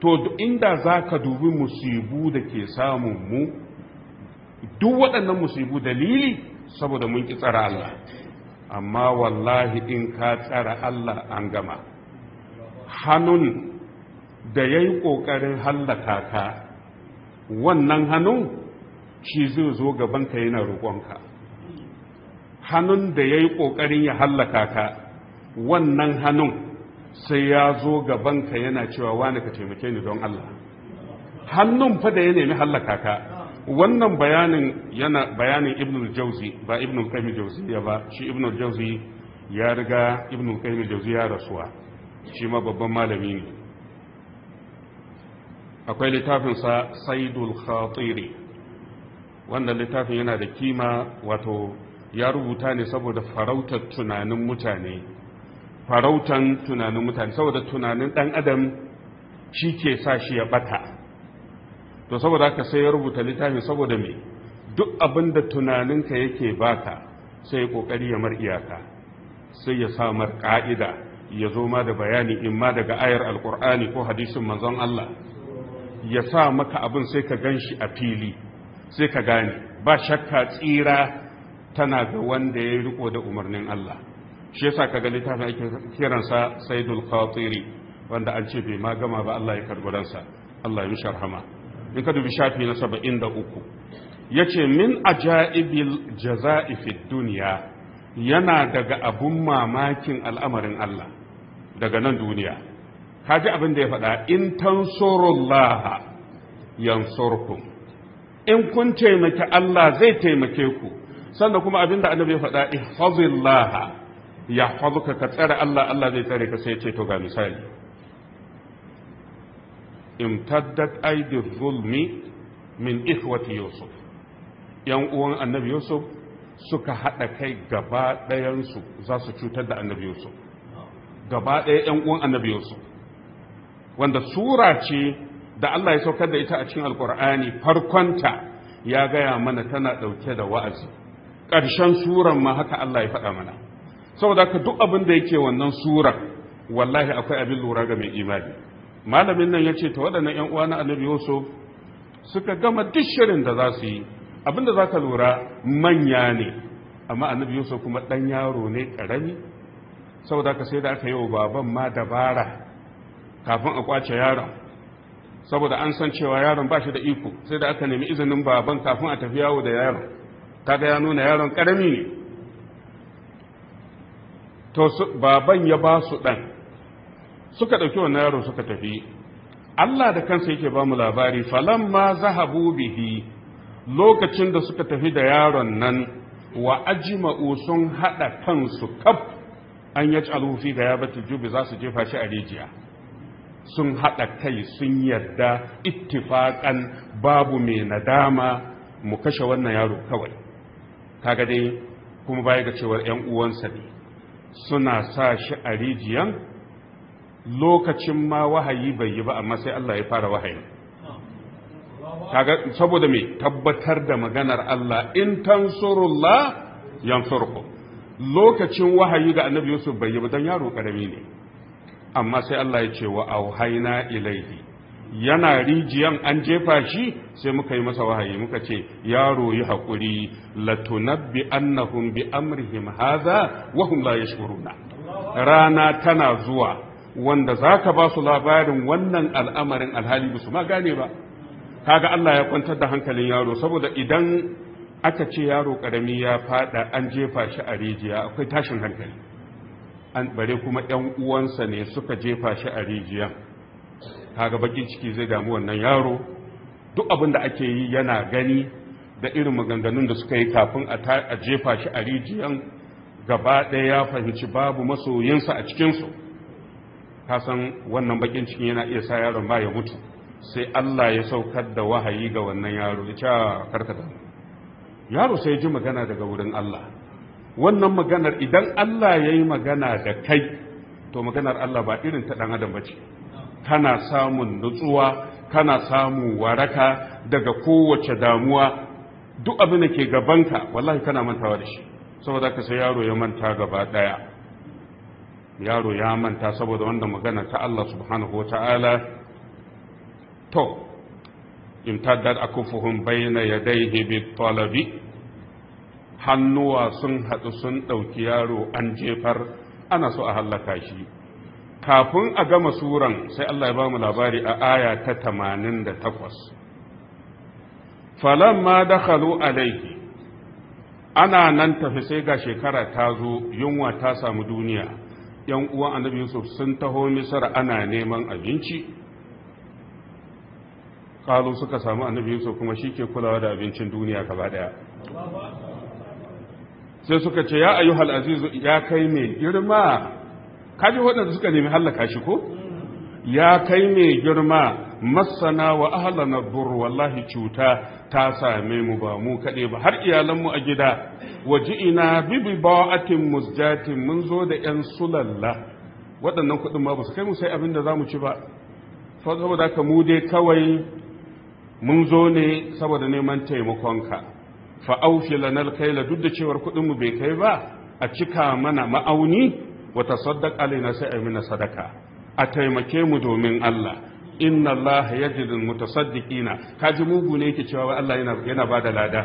to inda za ka dubi musibu da ke samun mu duk waɗannan musibu dalili saboda mun ki tsara Allah amma wallahi in ka tsara Allah an gama hannun da ya yi ƙoƙarin hallaka ka wannan hannun shi zai zo gabanka yana roƙonka hannun da ya yi ƙoƙarin ya hallaka ka wannan hannun sai ya zo gabanka yana cewa wani ka taimake ni don Allah hannun fa da ya nemi hallaka ka wannan bayanin yana bayanin ibn al-jawzi ba ibn qayyim jauzi ya ba shi ibn al-jawzi ya riga ibn qayyim jauzi ya rasuwa shi ma babban malami ne akwai littafin sa saidul khatiri wannan littafin yana da kima wato ya rubuta ne saboda farautar tunanin mutane farautan tunanin mutane saboda tunanin dan adam shi ke sa shi ya bata to saboda haka sai ya rubuta littafi saboda me duk abin da tunaninka yake baka sai kokari ya mar iyaka sai ya samar ka'ida ya zo ma da bayani in ma daga ayar alkur'ani ko hadisin manzon Allah ya sa maka abin sai ka gan shi a fili sai ka gane ba shakka tsira tana ga wanda ya riko da umarnin Allah shi yasa ga littafin ake kiransa saidul Qatiri wanda an ce bai ma gama ba Allah ya karbaransa ransa Allah ya rahama in ka dubi shafi na saba'in da uku ya ce min a jaza'i duniya yana daga abun mamakin al'amarin Allah daga nan duniya ka ji abin da ya faɗa in tansurullah yansurkum in kun taimaki Allah zai taimake ku sannan kuma abin da annabi ya faɗa ya yahfazuka ka tsare Allah Allah zai tsare ka sai ceto ce to ga misali imtaddat aidiz zulmi min ikhwati yusuf yan uwan annabi yusuf suka haɗa kai gaba ɗayansu za su cutar da annabi yusuf gaba ɗaya yan uwan annabi yusuf wanda sura ce da Allah ya saukar da ita a cikin alkur'ani farkonta ya gaya mana tana ɗauke da wa'azi ƙarshen suran ma haka Allah ya faɗa mana saboda ka duk abin da yake wannan surar wallahi akwai abin lura ga mai imani malamin nan ya ce ta waɗannan ‘yan uwa na annabi yusuf suka gama duk shirin da za su yi abinda za ka lura manya ne amma annabi yusuf kuma ɗan yaro ne ƙarami saboda ka sai da aka yi wa baban ma dabara kafin a kwace yaron saboda an san cewa yaron ba shi da iko sai da aka nemi izinin baban kafin a tafi yawo da yaron Ta ga ya nuna yaron ƙarami ne to baban ya ba su ɗan suka ɗauki wannan yaro suka tafi Allah da kansa yake ba mu labari ma zahabu bihi lokacin da suka tafi da yaron nan wa sun haɗa kansu kaf an da fi bata jubi za su jefa shi a rijiya sun haɗa kai sun yarda ittifaƙan babu mai nadama mu kashe wannan yaro kawai kaga dai kuma baya ga cewar 'yan uwansa ne suna sa shi a rijiyan lokacin ma wahayi bai yi ba amma sai Allah ya fara wahayi saboda me tabbatar da maganar Allah in tansurullah yansurku lokacin wahayi ga annabi Yusuf bai yi ba dan yaro karami ne amma sai Allah ya ce wa auhayna ilaihi yana rijiyan an jefa shi sai muka yi masa wahayi muka ce yaro yi hakuri, latunabbi annahum bi amrihim hadha wa hum la yashkuruna rana tana zuwa wanda za ka ba su labarin wannan al'amarin alhali ba su ma gane ba kaga Allah ya kwantar da hankalin yaro saboda idan aka ce yaro ƙarami ya faɗa an jefa shi a rijiya akwai tashin hankali an bare kuma 'yan uwansa ne suka jefa shi a rijiya kaga bakin ciki zai damu wannan yaro duk abin da ake yi yana gani da irin maganganun da suka yi kafin a jefa shi a rijiyan gaba ɗaya ya fahimci babu masoyinsa a cikinsu ka san wannan bakin cikin yana iya sa yaron ba ya mutu sai Allah ya saukar da wahayi ga wannan yaro ya ce ah, da yaro sai ji magana daga wurin Allah wannan maganar idan Allah ya yi magana da kai to maganar Allah ba irin ta ɗan adam ba ce kana samun nutsuwa kana samun waraka daga kowace damuwa duk abin da ke gabanka wallahi kana mantawa da shi saboda ka sai yaro ya manta gaba daya yaro ya manta saboda wanda magana ta Allah subhanahu wa ta'ala to a kufuhun bayna yadayhi bit talabi hannuwa sun haɗu sun ɗauki yaro an jefar ana so a hallaka shi kafin a gama suran sai Allah ya ba mu labari a aya ta tamanin da 88 falamma dakhalu alayhi ana nan tafi sai ga shekara ta zo yunwa ta samu duniya yan uwan annabi yusuf sun taho misar ana neman abinci kalu suka samu annabi yusuf kuma shi ke kulawa da abincin duniya gaba daya sai suka ce ya ayyuhal azizu ya kai mai girma kaji waɗanda suka nemi hallaka shi ko ya kai mai girma Massana wa ahlana dur wallahi cuta ta same mu ba mu kaɗe ba har iyalanmu a gida waji'ina bi biba'atin musjatin mun zo da yan sulalla waɗannan kuɗin ma ba su kai mu sai abin da za mu ci ba saboda ka mu dai kawai mun zo ne saboda neman taimakonka fa aufi lanal kaila duk da cewar kuɗin mu bai kai ba a cika mana ma'auni wa tasaddaq alaina sai ayi mana sadaka a taimake mu domin Allah inna Allah yajidul mutasaddiqina kaji mugu ne yake cewa Allah yana ba bada lada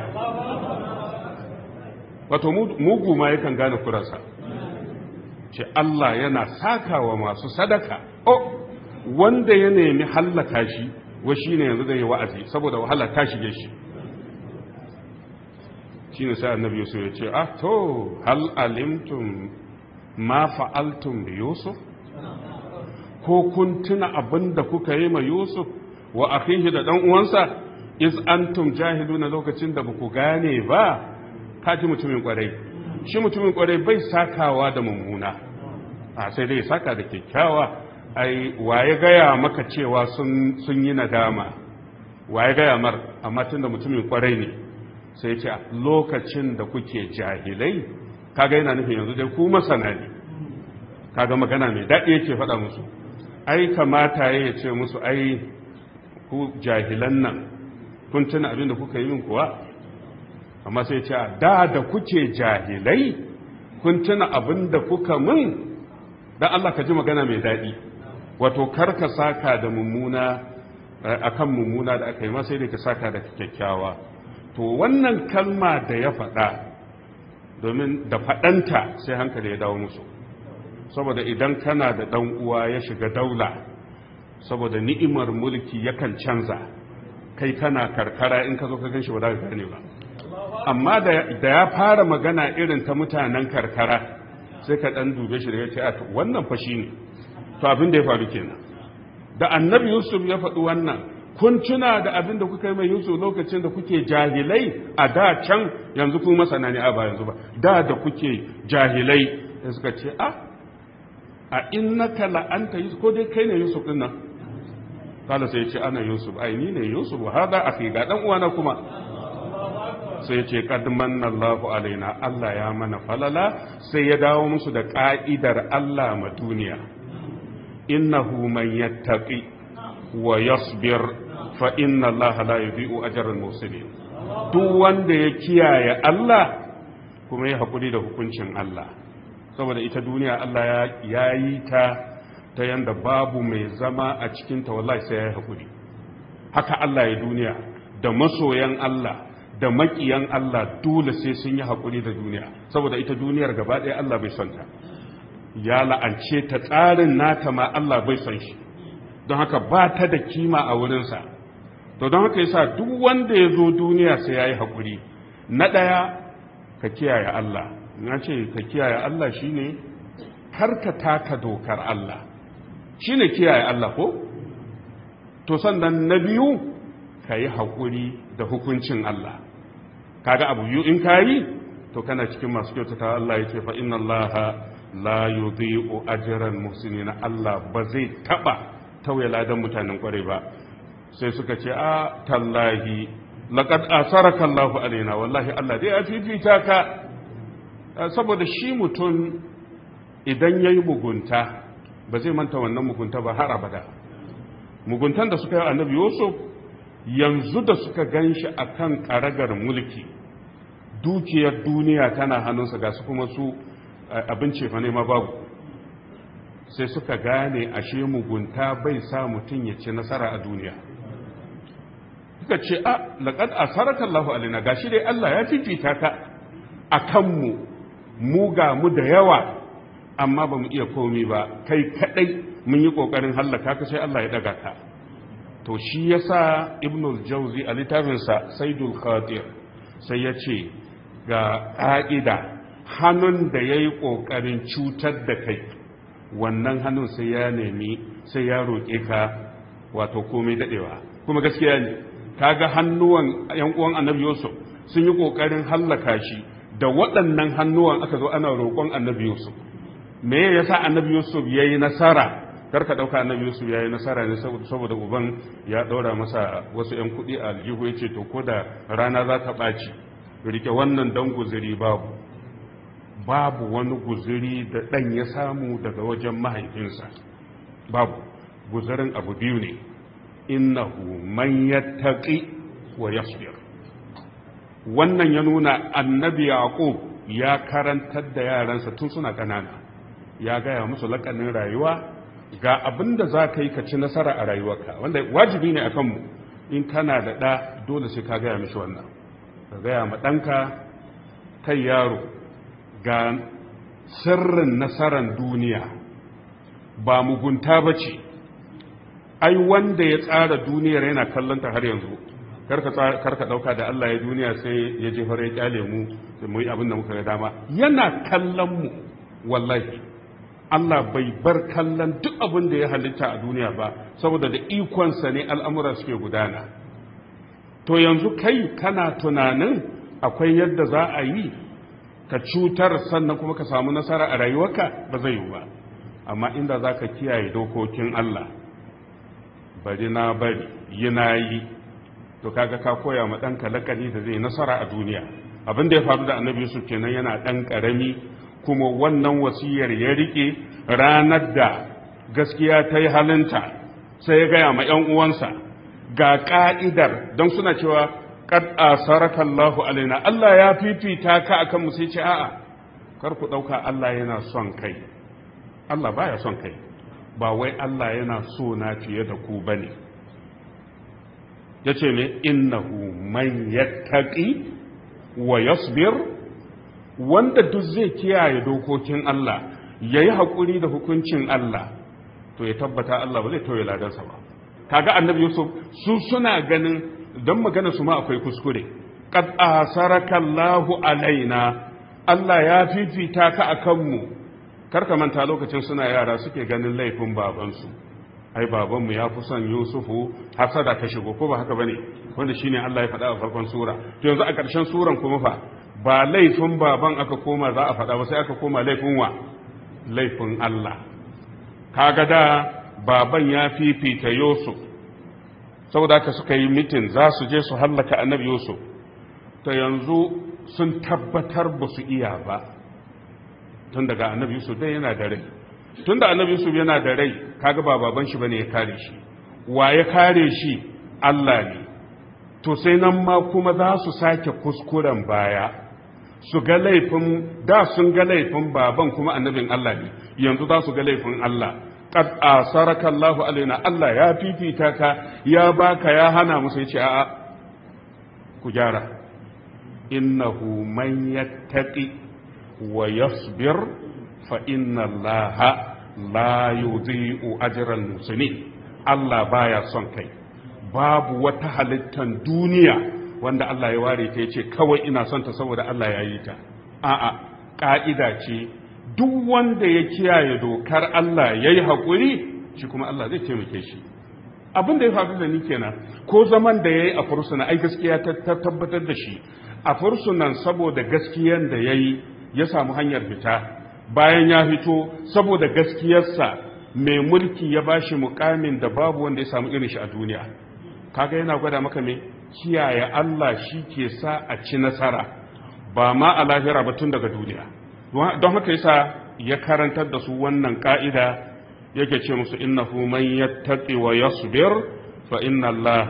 wato mugu ma yakan gane kuransa ce Allah yana sakawa masu sadaka oh wanda ya nemi hallaka shi wa ne yanzu zai yi wa'azi saboda wahala ta shige shi ne sai annabi Yusuf ya ce ah to hal alimtum ma fa'altum bi Yusuf ko kun tuna abin da kuka yi ma Yusuf wa akhihi da dan uwansa iz antum jahiluna lokacin da baku gane ba kaji mutumin kwarai shi mutumin kwarai bai sakawa da mummuna a sai dai saka da kyakkyawa ai waye gaya maka cewa sun sun yi nadama waye gaya mar amma tunda mutumin kwarai ne sai ce lokacin da kuke jahilai kaga yana nufin yanzu dai ku masana ne kaga magana mai daɗi yake faɗa musu ai kamata ya ce musu ai ku jahilan nan kun tuna abin da kuka yi min amma sai ce da da kuke jahilai kun tuna abin kuka min dan Allah ka ji magana mai daɗi wato kar ka saka da mummuna eh, akan mummuna da aka yi ma sai dai ka saka da kyakkyawa to wannan kalma da ya faɗa domin da faɗanta sai hankali ya dawo musu saboda idan kana da ɗan uwa ya shiga daula saboda ni'imar mulki yakan canza kai kana karkara in ka zo ka ganshi ba za ka gane ba amma da ya fara magana irin ta mutanen karkara sai ka ɗan dube shi da ya ce a wannan fashi ne to abin da ya faru kenan da annabi yusuf ya faɗi wannan kun tuna da abin da kuka yi mai yusuf lokacin da kuke jahilai a da can yanzu kuma masana ne a ba yanzu ba da da kuke jahilai sai suka ce a ah, a innaka la'anta yusuf ko dai kai ne yusuf din nan kala sai ya ce ana yusuf ai ni ne yusuf wa hada akhi ga dan uwana kuma sai ya ce kadman manna alaina Allah ya mana falala sai ya dawo musu da ka'idar Allah ma duniya innahu man yattaqi wa yasbir fa inna Allah la yudhi'u ajra al-muhsinin duk wanda ya kiyaye Allah kuma ya hakuri da hukuncin Allah saboda ita duniya Allah ya yi ta ta yanda babu mai zama a cikinta wallahi sai ya yi haƙuri haka Allah ya duniya da masoyan Allah da maƙiyan Allah dole sai sun yi haƙuri da duniya saboda ita duniyar gaba ɗaya Allah bai son ta ya la'ance ta tsarin nata ma Allah bai son shi don haka ba ta da kima a wurinsa to don haka yasa duk wanda ya zo duniya sai ya yi haƙuri na ɗaya ka kiyaye Allah na ce ka kiyaye Allah shi shine karka taka dokar Allah Shi ne kiyaye Allah ko to sannan na biyu ka yi haƙuri da hukuncin Allah kaga abu biyu in ka yi to kana cikin masu ta Allah ya ce fa inna Allah la yudhi'u ajran Allah ba zai taba tauye ladan mutanen kware ba sai suka ce a tallahi laqad asaraka Allahu alaina wallahi Allah dai ya fifita ka Eh, saboda shi mutum idan ya yi mugunta ba zai manta wannan mugunta ba har abada muguntan da suka yi annabi yusuf yanzu da suka gan shi a kan karagar mulki dukiyar duniya tana hannunsa ga su kuma su eh, abinci fa ne babu sai suka gane ashe mugunta bai sa mutum ya ci nasara a duniya suka ce a ah, laƙad a sarakallahu alina gashi dai allah ya fifita ka a kanmu mu ga mu da yawa amma ba mu iya komi ba kai kadai mun yi kokarin hallaka ka sai Allah ya daga ka to shi yasa ibnul jauzi a littafinsa saidul khatir sai ya ce ga ƙa'ida hannun da ya yi ƙoƙarin cutar da kai wannan hannun sai ya nemi sai ya roƙe ka wato komai daɗewa kuma gaskiya ne kaga hannuwan yan uwan annabi yusuf sun yi ƙoƙarin hallaka shi da waɗannan hannuwan aka zo ana roƙon annabi yusuf me yasa annabi yusuf ya yi nasara kar ka ɗauka annabi yusuf ya yi nasara ne saboda uban ya ɗaura masa wasu 'yan kuɗi a aljihu ya ce to ko da rana za ta ɓaci rike wannan dan guziri babu babu wani guziri da ɗan ya samu daga wajen mahaifinsa babu guzarin abu biyu ne innahu man yattaqi wa yasbir wannan ya nuna annabi yaƙub ya karantar da yaransa tun suna ƙanana ya gaya musu lakanin rayuwa ga abin da za ka yi ka ci nasara a rayuwarka wanda wajibi ne a kanmu in kana da ɗa dole sai ka gaya mishi wannan ka gaya ma ɗanka kai yaro ga sirrin nasaran duniya ba mugunta ba ce ai wanda ya tsara duniyar yana kallon ta har yanzu karka ɗauka da Allah ya duniya sai ya fara ya kyale mu sai mu yi abin da muka ga dama yana kallon mu wallahi Allah bai bar kallon duk abin da ya halitta a duniya ba saboda da ikonsa ne al'amura suke gudana to yanzu kai kana tunanin akwai yadda za a yi ka cutar sannan kuma ka samu nasara a rayuwarka ba zai yi ba amma inda za ka kiyaye dokokin Allah bari na bari yi na yi to kaga ka koya ma ɗanka lakani da zai nasara a duniya abin da ya faru da annabi yusuf kenan yana ɗan ƙarami kuma wannan wasiyar ya riƙe ranar da gaskiya ta yi halinta sai ya gaya ma ‘yan uwansa ga ƙa'idar don suna cewa kad asaraka alaina Allah ya fifita ka akan mu sai ce a'a kar ku ɗauka Allah yana son kai Allah baya son kai ba wai Allah yana so na fiye da ku bane yace ne, innahu man yattaqi wa yasbir wanda duk zai kiyaye dokokin Allah yayi hakuri da hukuncin Allah to ya tabbata Allah ba zai tauye ladansa ba kaga annabi Yusuf su suna ganin dan magana su ma akwai kuskure qad asaraka Allahu alaina Allah ya fifita ka akan mu karka manta lokacin suna yara suke ganin laifin babansu ai babanmu ya fi son yusufu hasada ta shigo ko ba haka bane wanda shine Allah ya faɗa a farkon sura to yanzu a ƙarshen suran kuma fa ba laifin baban aka koma za a faɗa ba sai aka koma laifin wa laifin Allah kaga da baban ya fifita yusuf saboda haka suka yi mitin za su je su hallaka annabi yusuf to yanzu sun tabbatar ba su iya ba tun daga annabi yusuf dai yana da rai tunda annabi su yana da rai kaga ba baban shi bane ya kare shi wa ya kare shi Allah ne to sai nan ma kuma za su sake kuskuren baya su ga laifin da sun ga laifin baban kuma annabin Allah ne yanzu za su ga laifin Allah qad asaraka Allahu alaina Allah ya fifita ka ya baka ya hana mu sai ce a'a ku gyara innahu man yattaqi wa yasbir fa inna Allaha la yudhi'u ajral muslimin Allah baya son kai babu wata halittan duniya wanda Allah ya ware ta yace kawai ina son ta saboda Allah ya yi ta a'a ka'ida ce duk wanda ya kiyaye dokar Allah yayi hakuri shi kuma Allah zai taimake shi abin da ya faru da ni kenan ko zaman da yayi a fursuna ai gaskiya ta tabbatar da shi a fursunan saboda gaskiyan da yayi ya samu hanyar fita bayan ya fito saboda gaskiyarsa mai mulki ya ba shi mukamin da babu wanda ya samu irin shi a duniya kaga yana gwada maka me kiyaye Allah shi ke sa a ci nasara ba ma a lahira ba tun daga duniya don haka yasa ya karantar da su wannan ka'ida yake ce musu innahu man yattaqi wa yasbir fa inna Allah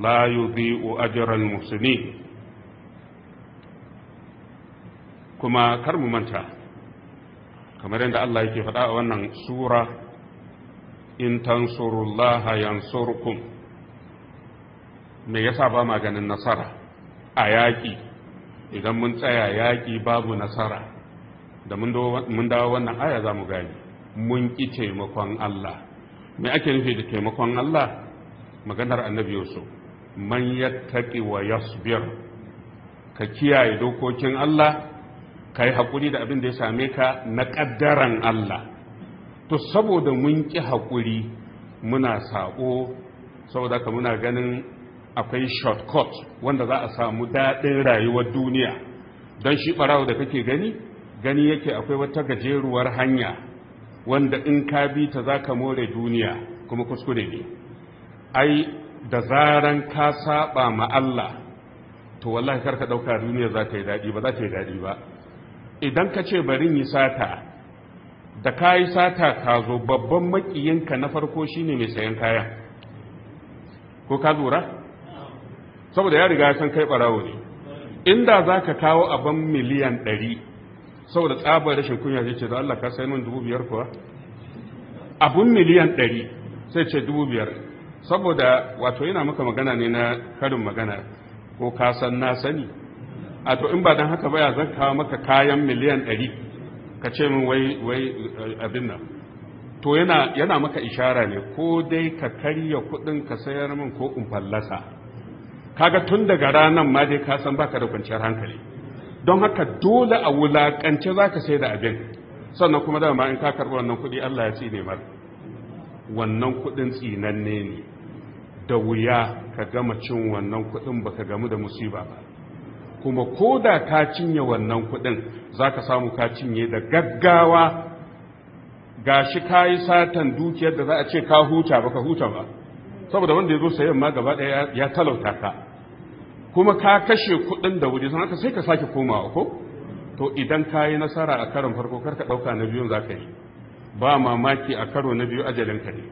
la yudhi'u ajra al-muhsinin kuma kar mu manta kamar yadda Allah yake faɗa a wannan sura in tansurullah yansurkum me yasa ba ma nasara a yaƙi idan mun tsaya yaƙi babu nasara da mun dawo wannan aya za mu gani mun ƙi taimakon Allah me ake nufi da taimakon Allah maganar annabi Yusuf man yattaqi wa yasbir ka kiyaye dokokin Allah ka yi haƙuri da abin da ya same ka na ƙaddaran Allah to saboda mun ƙi haƙuri muna saƙo saboda ka muna ganin akwai shortcut wanda za a samu daɗin rayuwar duniya don shi ɓarawo da kake gani gani yake akwai wata gajeruwar hanya wanda in ka bi ta za ka more duniya kuma kuskure ne ai da zaran ka saɓa ma Allah to wallahi karka ɗauka duniya za ta yi daɗi ba za ta yi daɗi ba idan ka ce bari yi sata da ka yi sata ka zo babban makiyinka na farko shine mai sayan kayan ko ka lura saboda ya riga san kai barawo ne inda za ka kawo abin miliyan ɗari saboda tsabar rashin kunya zai ce da Allah ka sai min dubu biyar kuwa abin miliyan ɗari sai ce dubu biyar saboda wato yana maka magana ne na karin magana ko ka san na sani a to in ba don haka baya zan kawo maka kayan miliyan ɗari ka ce min wai eh, abin nan to yana maka ishara ne ko dai ka karya kuɗin ka sayar min ko in fallasa kaga tun daga ranar ma dai ka san baka da kwanciyar hankali don haka dole a wulakance za ka sai da abin sannan kuma dama in ka karɓi wannan kuɗi Allah ya tsine mar wannan kuɗin tsinanne ne da wuya ka gama cin wannan kuɗin baka gamu da musiba ba kuma ko da ka cinye wannan kuɗin za ka samu ka cinye da gaggawa ga shi ka yi satan dukiyar da za a ce ka huta ba ka huta ba saboda wanda ya zo sayan ma gaba ɗaya ya talauta ka kuma ka kashe kuɗin da wuri sanaka sai ka sake komawa ko to idan ka yi nasara a karon farko kar ka ɗauka na biyun za ka yi ba mamaki a karo na biyu ajalin ka ne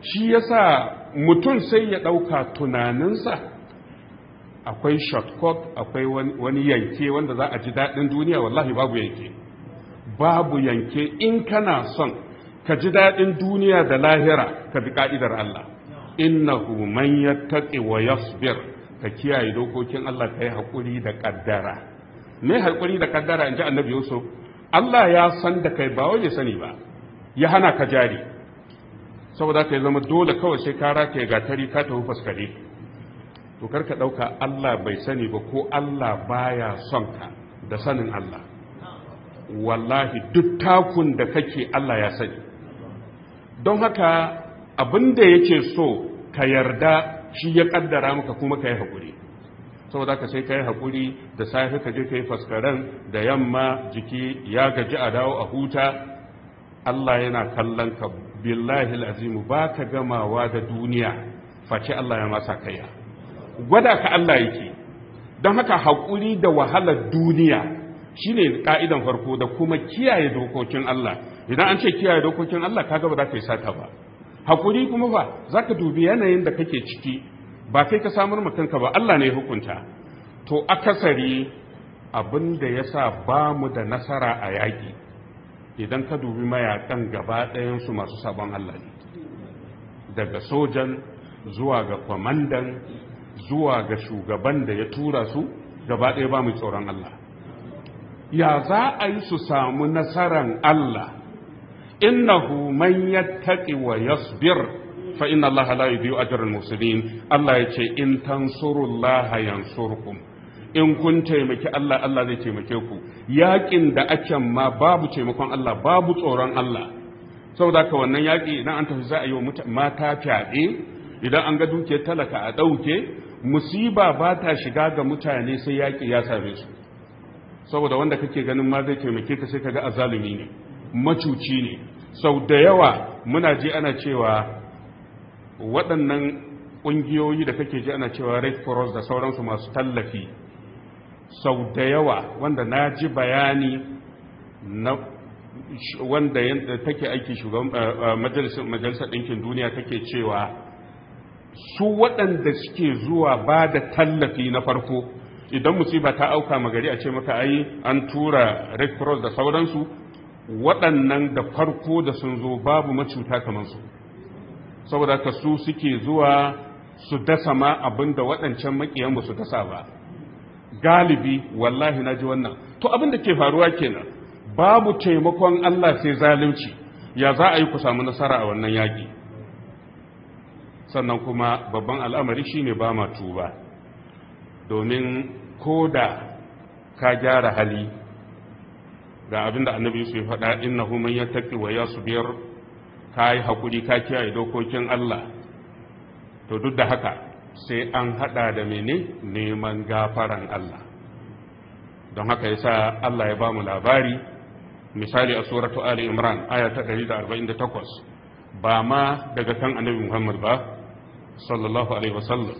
shi yasa mutum sai ya ɗauka tunaninsa akwai shortcut akwai wani yanke wanda za a ji daɗin duniya wallahi babu yanke babu yanke in kana son ka ji daɗin duniya da lahira ka bi ka'idar Allah innahu man yattaqi wa yasbir ka kiyaye dokokin Allah yi hakuri da kaddara me haƙuri da kaddara inji annabi Yusuf Allah ya san da kai ba wani sani ba ya hana ka jari saboda kai zama dole kawai sai ka rataye gatari ka tafi faskare to karka ɗauka Allah bai sani ba ko Allah baya son ka da sanin Allah wallahi duk takun da kake Allah ya sani don haka abin da yake so ka yarda shi ya kaddara maka kuma ka yi haƙuri saboda ka sai ka yi hakuri da safe ka je ka yi faskaren da yamma jiki ya gaji a dawo a huta Allah yana kallon ka billahi azimu ba ka gamawa da duniya face Allah ya masa kaiya gwada ka Allah yake don haka haƙuri da wahalar duniya shine ƙa'idan farko da kuma kiyaye dokokin Allah idan an ce kiyaye dokokin Allah kaga gaba za ka yi sata ba haƙuri kuma ba za ka dubi yanayin da kake ciki ba kai ka samar ma kanka ba Allah ne hukunta to akasari abin da ya sa ba mu da nasara a yaƙi idan ka dubi mayakan gaba ɗayansu masu sabon Allah ne daga sojan zuwa ga kwamandan zuwa ga shugaban da ya tura su gaba ɗaya ba mu tsoron Allah ya za a yi su samu nasaran Allah innahu man yattaqi wa yasbir fa inna Allah la yudhi'u ajra al-muhsinin Allah ce in tansurullaha yansurkum in kun taimaki Allah Allah zai taimake ku yakin da ake ma babu taimakon Allah babu tsoron Allah saboda ka wannan yaki idan an tafi za a yi wa mata fyaɗe idan an ga dukiyar talaka a ɗauke musiba ba ta shiga ga mutane sai yaƙi ya same su saboda wanda kake ganin ma zai taimake ka sai ka kaga azalumi ne macuci ne sau da yawa muna ji ana cewa waɗannan ƙungiyoyi da kake ji ana cewa red cross da sauransu masu tallafi sau da yawa wanda na ji bayani na wanda take aiki shugaban eh, eh, majalisar ɗinkin duniya take cewa su waɗanda suke zuwa ba da tallafi na farko idan musiba ta auka magari a ce maka ai an tura red cross da sauransu waɗannan da farko da sun zo babu macuta kamar su saboda ka su suke zuwa su dasa ma abin da waɗancan makiyan ba su dasa ba galibi wallahi na ji wannan to abin da ke faruwa kenan babu taimakon Allah sai zalunci ya za a yi ku samu nasara a wannan yaƙi sannan kuma babban al'amari shine ba ma tuba domin ko da ka gyara hali ga abinda annabi su ya faɗa innahu man yattaqi wa yasbir yi hakuri ka kiyaye dokokin Allah to duk da haka sai an haɗa da mene neman gafaran Allah don haka yasa Allah ya bamu labari misali a suratu ali imran aya ta 148 ba ma daga kan annabi Muhammad ba sallallahu alaihi wasallam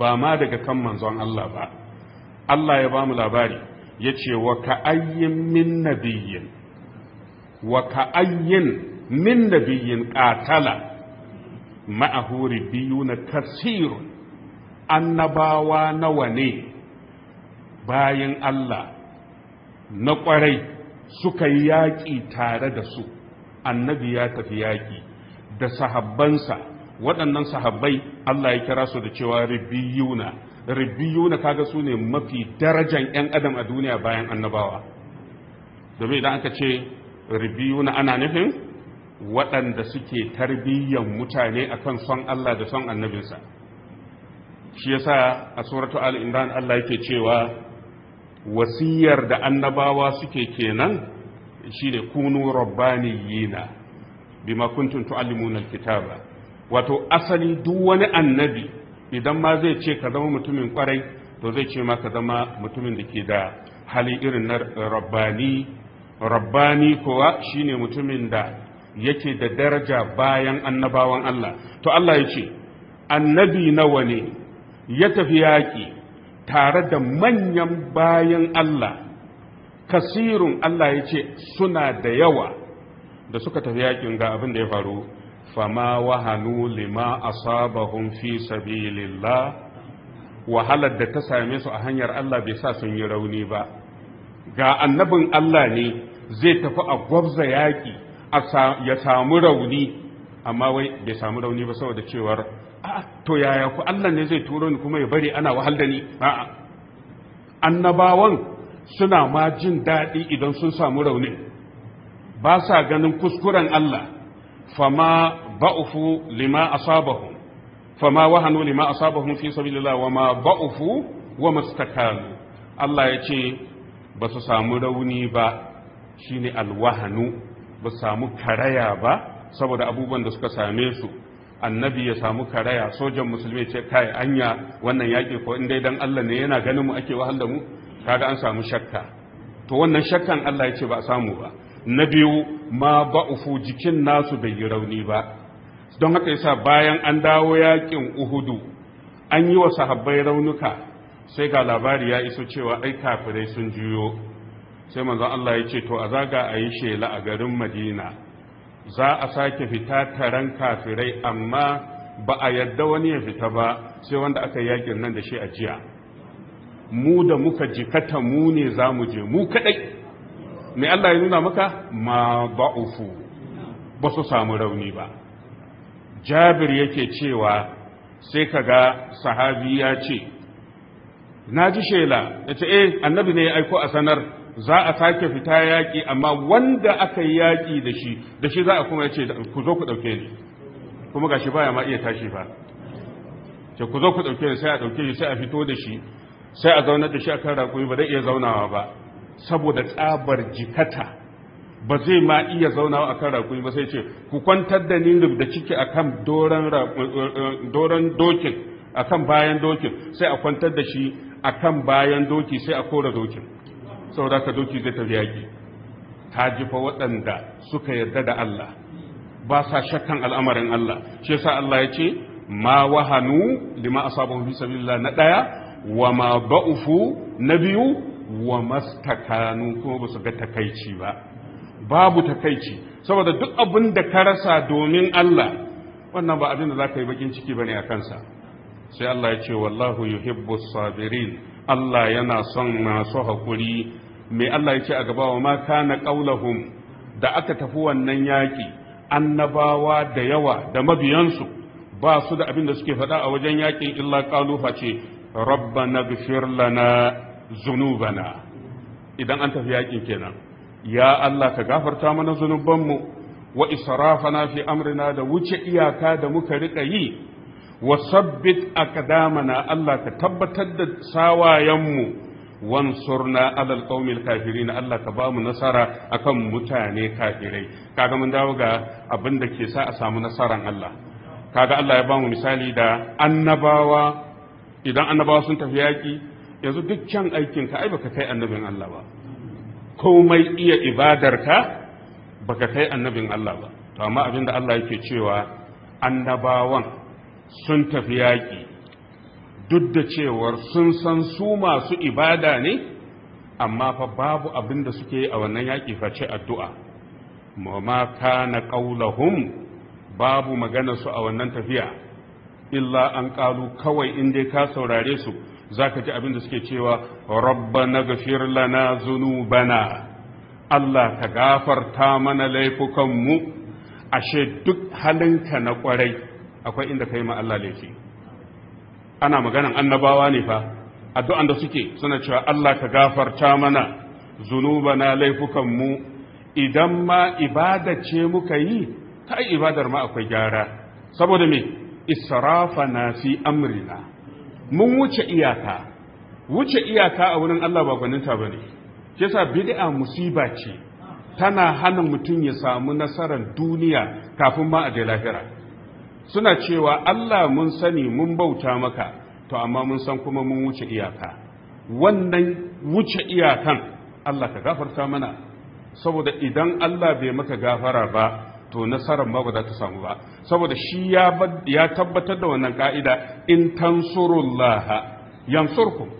ba ma daga kan manzon Allah ba Allah ya ba mu labari ya ce wa ka'ayyin min nabiyyin wa ka'ayyin min nabiyyin qatala ma'ahu na kasirun annabawa nawa ne bayan Allah na ƙwarai suka yi yaƙi tare da su annabi ya tafi yaƙi da sahabbansa waɗannan sahabbai Allah ya kira su da cewa ribiyuna ribiyuna kaga su ne mafi darajan 'yan adam a duniya bayan annabawa domin idan aka ce ribiyuna ana nufin waɗanda suke tarbiyyan mutane akan son Allah da son annabinsa shi yasa a suratu al'indan Allah yake cewa wasiyar da annabawa suke kenan shi ne kunu rabbaniyina bima kuntum tu'allimuna kitaba wato asali duk wani annabi idan ma zai ce ka zama mutumin kwarai to zai ce ma ka zama mutumin da ke da hali irin na rabbani rabbani shi shine mutumin da yake da daraja bayan annabawan Allah to Allah ya ce annabi nawa ne ya tafi yaƙi tare da manyan bayan Allah kasirun Allah ya ce suna da yawa da suka tafi yaƙin ga abin da ya faru fama a lima asabahum fi sabilillah wahalar da ta same su a hanyar Allah bai sa sun yi rauni ba ga annabin Allah ne zai tafi a gwabza yaƙi ya samu rauni amma wai bai samu rauni ba saboda cewar a to yaya ku Allah ne zai turo ni kuma ya bari ana wahal da ni a'a annabawan suna ma jin daɗi idan sun samu rauni ba sa ganin kuskuren Allah fama ba'ufu lima asabahum fama wahanu lima asabahum fi sabilillah wa ma ba'ufu wa mastakalu Allah ya ce ba su samu rauni ba shine alwahanu ba su samu karaya ba saboda abubuwan da suka same su annabi ya samu karaya sojan musulmi ce kai anya wannan yaƙi ko in dai dan Allah ne yana ganin mu ake wahalar mu kaga an samu shakka to wannan shakkan Allah ya ce ba a samu ba na biyu ma ba'ufu jikin nasu bai yi rauni ba don haka yasa bayan an dawo yakin uhudu an yi wa sahabbai raunuka sai ga labari ya iso cewa ai kafirai sun juyo sai manzon Allah ya ce to a zaga a yi shela a garin madina za a sake fita taron kafirai amma ba a yadda wani ya fita ba sai wanda aka yi yakin nan da shi a jiya mu da muka jikata mu ne za mu je mu kadai mai Allah ya nuna maka ma ba'ufu ba su samu rauni ba jabir yake cewa sai kaga sahabi ya ce na ji shela ya ce eh annabi ne ya aiko a sanar za a sake fita yaƙi amma wanda aka yi yaƙi da shi da shi za a kuma ya ce ku zo ku ɗauke ni kuma gashi baya ma iya tashi ba ce ku zo ku ɗauke ni sai a ɗauke shi sai a fito da shi sai a zaunar da shi a kan raƙumi ba zai iya zaunawa ba saboda tsabar jikata ba zai ma iya zauna a kan rakumi ba sai ce ku kwantar da ni da ciki a doran doran eh, eh, eh, dokin a kan bayan dokin sai a kwantar da shi a kan bayan doki sai a kora dokin saboda ka doki zai tafi yaki ta jifa waɗanda suka yarda da Allah ba sa shakkan al'amarin Allah shi yasa Allah ya ce ma wahanu lima sabon fi sabilillah na ɗaya wa ma ba'ufu na biyu wa mastakanu kuma ba su ga takaici ba babu takaici saboda duk abin da ka rasa domin Allah wannan ba abin da za ka yi bakin ciki bane a kansa sai Allah ya ce wallahu yuhibbu sabirin Allah yana son masu hakuri me Allah ya ce a gaba wa ma kana qaulahum da aka tafi wannan yaki annabawa da yawa da mabiyansu ba su da abin da suke faɗa a wajen yakin illa qalu face rabbana ghfir lana zunubana idan an tafi yakin kenan ya Allah ka gafarta mana zunubanmu wa israfana fi amrina da wuce iyaka da muka riƙa yi wa sabbit aqdamana Allah ka tabbatar da sawayenmu wansurna alal qaumil kafirin Allah ka bamu nasara akan mutane kafirai kaga mun dawo ga abin da ke sa a samu nasaran Allah kaga Allah ya bamu misali da annabawa idan annabawa sun tafi yaƙi yanzu duk can aikinka ai baka kai annabin Allah ba komai iya ibadarka baka kai annabin Allah ba to amma abinda Allah yake cewa annabawan sun tafi yaƙi duk da cewar sun san su masu ibada ne amma fa babu abinda suke a wannan yaƙi face addu'a ma kana ƙaulahun babu magana su a wannan tafiya illa an ƙalu kawai in dai ka saurare su zaka ji abin da suke cewa rabba na gafir lana zunubana Allah ka gafarta mana laifukanmu ashe duk halinka na kwarai akwai inda ka yi Allah laifi ana maganan annabawa ne fa addu'an da suke suna cewa Allah ka gafarta mana zunubana laifukanmu idan ma ibada ce muka yi ta ibadar ma akwai gyara saboda me na fi amrina mun wuce iyaka wuce iyaka a wurin Allah ba gwaninta ba ne yasa bid'a musiba ce tana hana mutum ya samu nasarar duniya kafin ma a je lahira suna cewa Allah mun sani mun bauta maka to amma mun san kuma mun wuce iyaka wannan wuce iyakan Allah ka gafarta mana saboda idan Allah bai maka gafara ba to nasarar ma ba za ta samu ba saboda shi ya tabbatar da wannan ka'ida in tansurullah yansurkum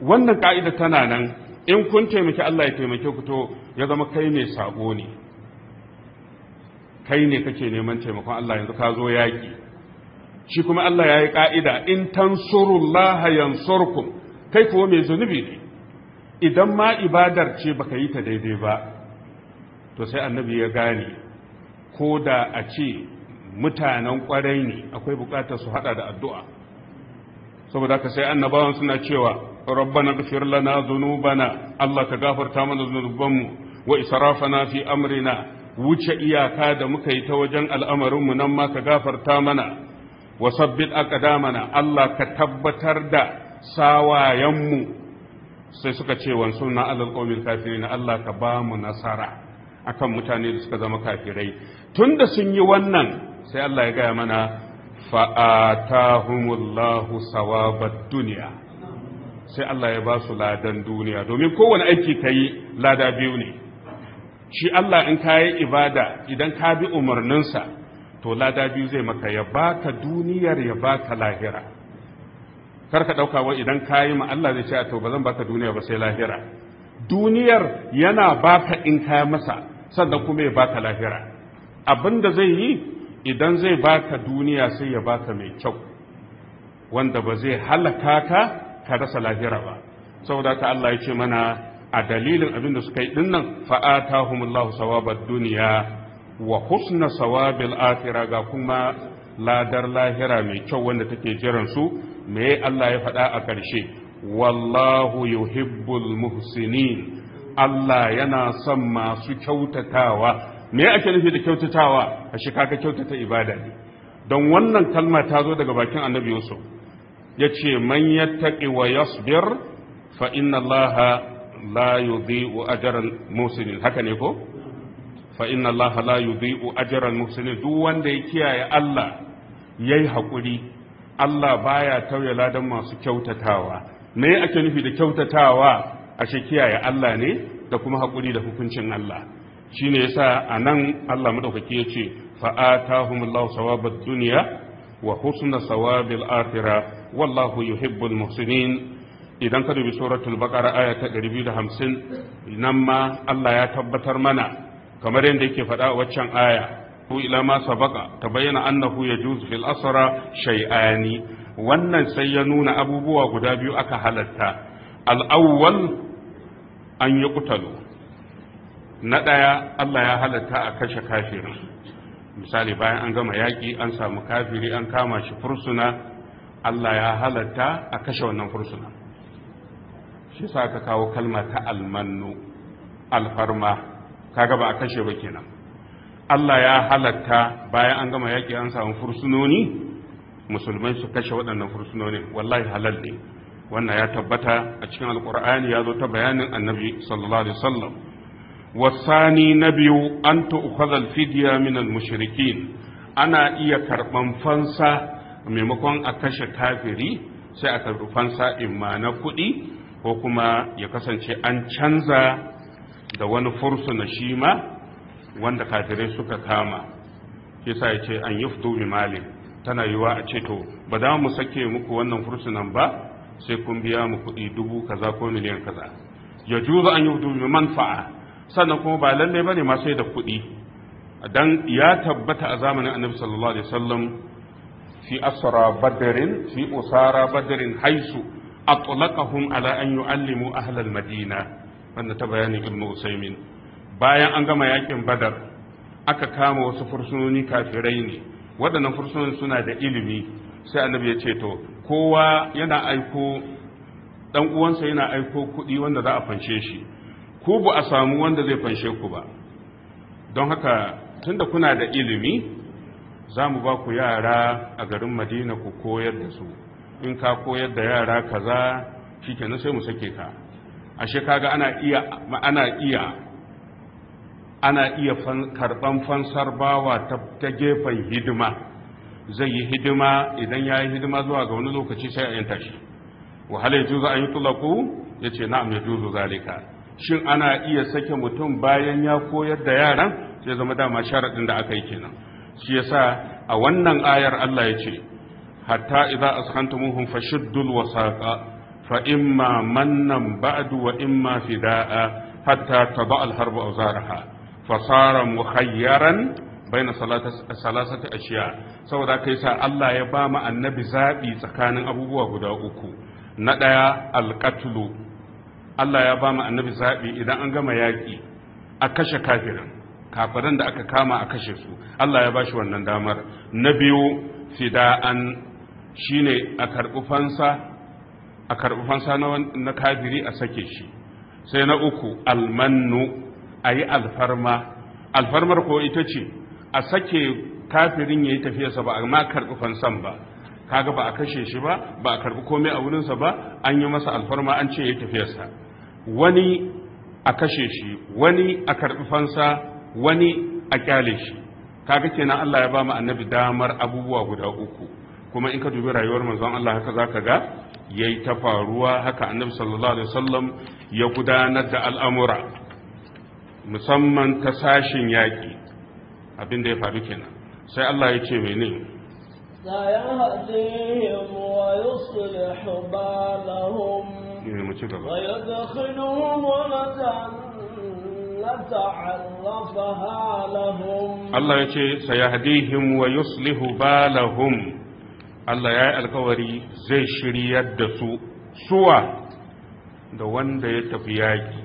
wannan ka'ida tana nan in kun taimaki Allah ya taimake ku to ya zama kai ne sabo ne kai ne kake neman taimakon Allah yanzu ka zo yaki shi kuma Allah ya yi ka'ida in tansurullah yansurkum kai kuwa mai zunubi ne idan ma ibadar ce baka yi ta daidai ba to sai annabi ya gane ko da a ce mutanen kwarai ne akwai bukatar su hada da addu'a saboda haka sai annabawan suna cewa rabbana ighfir lana bana, Allah ka gafarta mana zunubanmu wa israfana fi amrina wuce iyaka da muka yi ta wajen al'amarinmu nan ma ka gafarta mana wa akada mana Allah ka tabbatar da sawayenmu sai suka ce wansunna alal qawmil na Allah ka ba mu nasara akan mutane da suka zama kafirai tunda sun yi wannan sai Allah ya gaya mana fa'atahumullahu sawabat duniya sai Allah ya ba su ladan duniya domin kowane aiki ka yi lada biyu ne shi Allah in ka yi ibada idan ka bi umarninsa to lada biyu zai maka ya baka duniyar ya baka lahira kar ka ɗauka wa idan ka yi ma Allah zai ce to ba zan baka duniya ba sai lahira duniyar yana baka in kaya masa sannan kuma ya baka lahira abin da zai yi idan zai baka duniya sai ya baka mai kyau wanda ba zai halaka ka ka rasa lahira ba saboda ta Allah ya ce mana a dalilin abin da suka yi dinnan fa'atahumullahu sawabad duniya wa husna sawabil akhirah ga kuma ladar lahira mai kyau wanda take jiran su me Allah ya faɗa a ƙarshe wallahu yuhibbul muhsinin Allah yana son masu kyautatawa me ake nufi da kyautatawa a shika ka kyautata ibada ne don wannan kalma ta zo daga bakin annabi Yusuf ya ce man yattaqi wa yasbir fa inna Allah la yudhi'u al muhsinin haka ne ko fa inna Allah la yudhi'u al muhsinin duk wanda ya kiyaye Allah yayi hakuri Allah baya tauye ladan masu kyautatawa me ake nufi da kyautatawa a ashe ya Allah ne da kuma haƙuri da hukuncin Allah shi ne yasa a nan Allah maɗaukaki ya ce fa'atahumullahu sawabad duniya wa husna sawabil akhirah wallahu yuhibbul muhsinin idan ka dubi suratul baqara aya ta 250 nan ma Allah ya tabbatar mana kamar yadda yake faɗa a waccan aya ko ila ma ta tabayyana annahu yajuzu fil asra shay'ani wannan sai ya nuna abubuwa guda biyu aka halatta al'awwal an yi kutalo na ɗaya Allah ya halatta a kashe kafiri misali bayan an gama yaƙi an samu kafiri an kama shi fursuna Allah ya halatta a kashe wannan fursuna shi sa aka kawo kalma ta almannu alfarma kaga ba a kashe ba kenan Allah ya halatta bayan an gama yaƙi an samu fursunoni musulmai su kashe waɗannan fursunonin wallahi halal ne wannan ya tabbata a cikin alkur'ani ya zo ta bayanin annabi sallallahu alaihi wasallam wasani na biyu an tu'khadha al min al ana iya karɓan fansa maimakon a kashe kafiri sai a karɓi fansa imma na kuɗi ko kuma ya kasance an canza da wani fursuna shi ma wanda kafirai suka kama yasa ya ce an yi bi malin tana yiwa a ce to ba za mu sake muku wannan fursunan ba sai kun biya mu kuɗi dubu kaza ko miliyan kaza ya juzu an yi dubi manfa'a sannan kuma ba lalle ba ne ma sai da kuɗi dan ya tabbata a zamanin annabi sallallahu alaihi wasallam fi asra badrin fi usara badrin haisu atlaqahum ala an yu'allimu ahlal madina wanda ta bayanin ibnu usaymin bayan an gama yakin badar aka kama wasu fursunoni kafirai ne waɗannan fursunan suna da ilimi sai annabi ya ce to kowa yana aiko dan uwansa yana aiko kuɗi wanda za a fanshe shi ku ba a samu wanda zai fanshe ku ba don haka tunda kuna da ilimi za mu ba ku yara a garin madina ku koyar da su in ka koyar da yara kaza shikenan sai mu sake ka ashe kaga ana ana iya ana iya karɓan fansar bawa ta gefen hidima zai yi hidima idan ya yi hidima zuwa ga wani lokaci sai a yanta shi wahala ya za an yi tulaku ya ce na'am ya juzu zalika shin ana iya sake mutum bayan ya koyar da yaran sai zama dama sharaɗin da aka yi kenan shi yasa a wannan ayar Allah ya ce hatta idza askantumuhum fashuddul wasaqa fa imma mannan ba'du wa imma fida'a hatta ta al-harbu awzaraha fasara muhayyaran baina salasati ashiya saboda kai sa Allah ya ba mu annabi zabi tsakanin abubuwa guda uku na daya alqatlu Allah ya ba mu annabi zabi idan an gama yaki a kashe kafirin kafiran da aka kama a kashe su Allah ya ba shi wannan damar na biyu fida'an shine a karbi fansa na kafiri a sake shi sai na uku almannu a yi alfarma alfarmar ko ita ce a sake kafirin ya yi tafiyarsa ba a ma karɓi fansan ba kaga ba a kashe shi ba ba a karɓi komai a wurinsa ba an yi masa alfarma an ce ya yi tafiyarsa wani a kashe shi wani a karɓi fansa wani a kyale shi kaga kenan Allah ya ba mu annabi damar abubuwa guda uku kuma in ka dubi rayuwar manzon Allah haka zaka ga yayi ta faruwa haka annabi sallallahu alaihi wasallam ya gudanar da al'amura musamman ta sashin yaƙi abin da ya faru kenan sai Allah ya ce mene Allah ya ce sayahdihim wa yuslihu balahum Allah ya yi alkawari zai shiryar da su suwa da wanda ya tafi yaƙi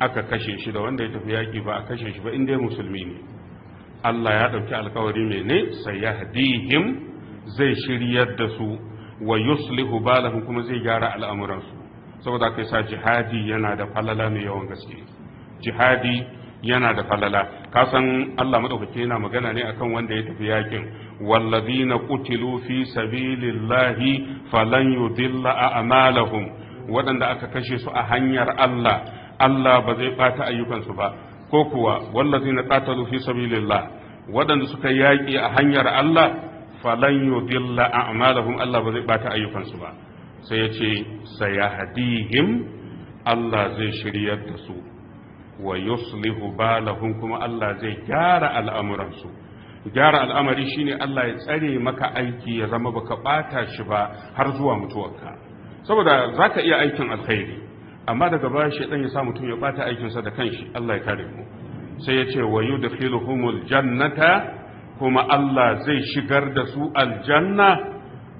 aka kashe shi da wanda ya tafi yaƙi ba a kashe shi ba in dai musulmi ne Allah ya ɗauki alkawari mai ne sai ya hadihim zai shiryar da su wa yuslihu balahum kuma zai gyara al'amuransu saboda kai sa jihadi yana da falala mai yawan gaske jihadi yana da falala ka san Allah madaukake yana magana ne akan wanda ya tafi yakin wallazina qutilu fi sabilillahi falan yudilla a'malahum waɗanda aka kashe su a hanyar Allah Allah ba zai ɓata ayyukansu ba ko kuwa wallazi na qatalu fi sabilillah waɗanda suka yaƙi a hanyar Allah falan yudilla a'malahum Allah ba zai ɓata ayyukansu ba sai ya ce sayahdihim Allah zai shiryar da su wa yuslihu balahum kuma Allah zai gyara al'amuransu gyara al'amari shine Allah ya tsare maka aiki ya zama baka ɓata shi ba har zuwa mutuwarka saboda zaka iya aikin alkhairi amma daga baya shaidan ya sa mutum ya bata aikinsa da kanshi Allah ya kare mu sai ya ce wa yudkhiluhumul jannata kuma Allah zai shigar da su aljanna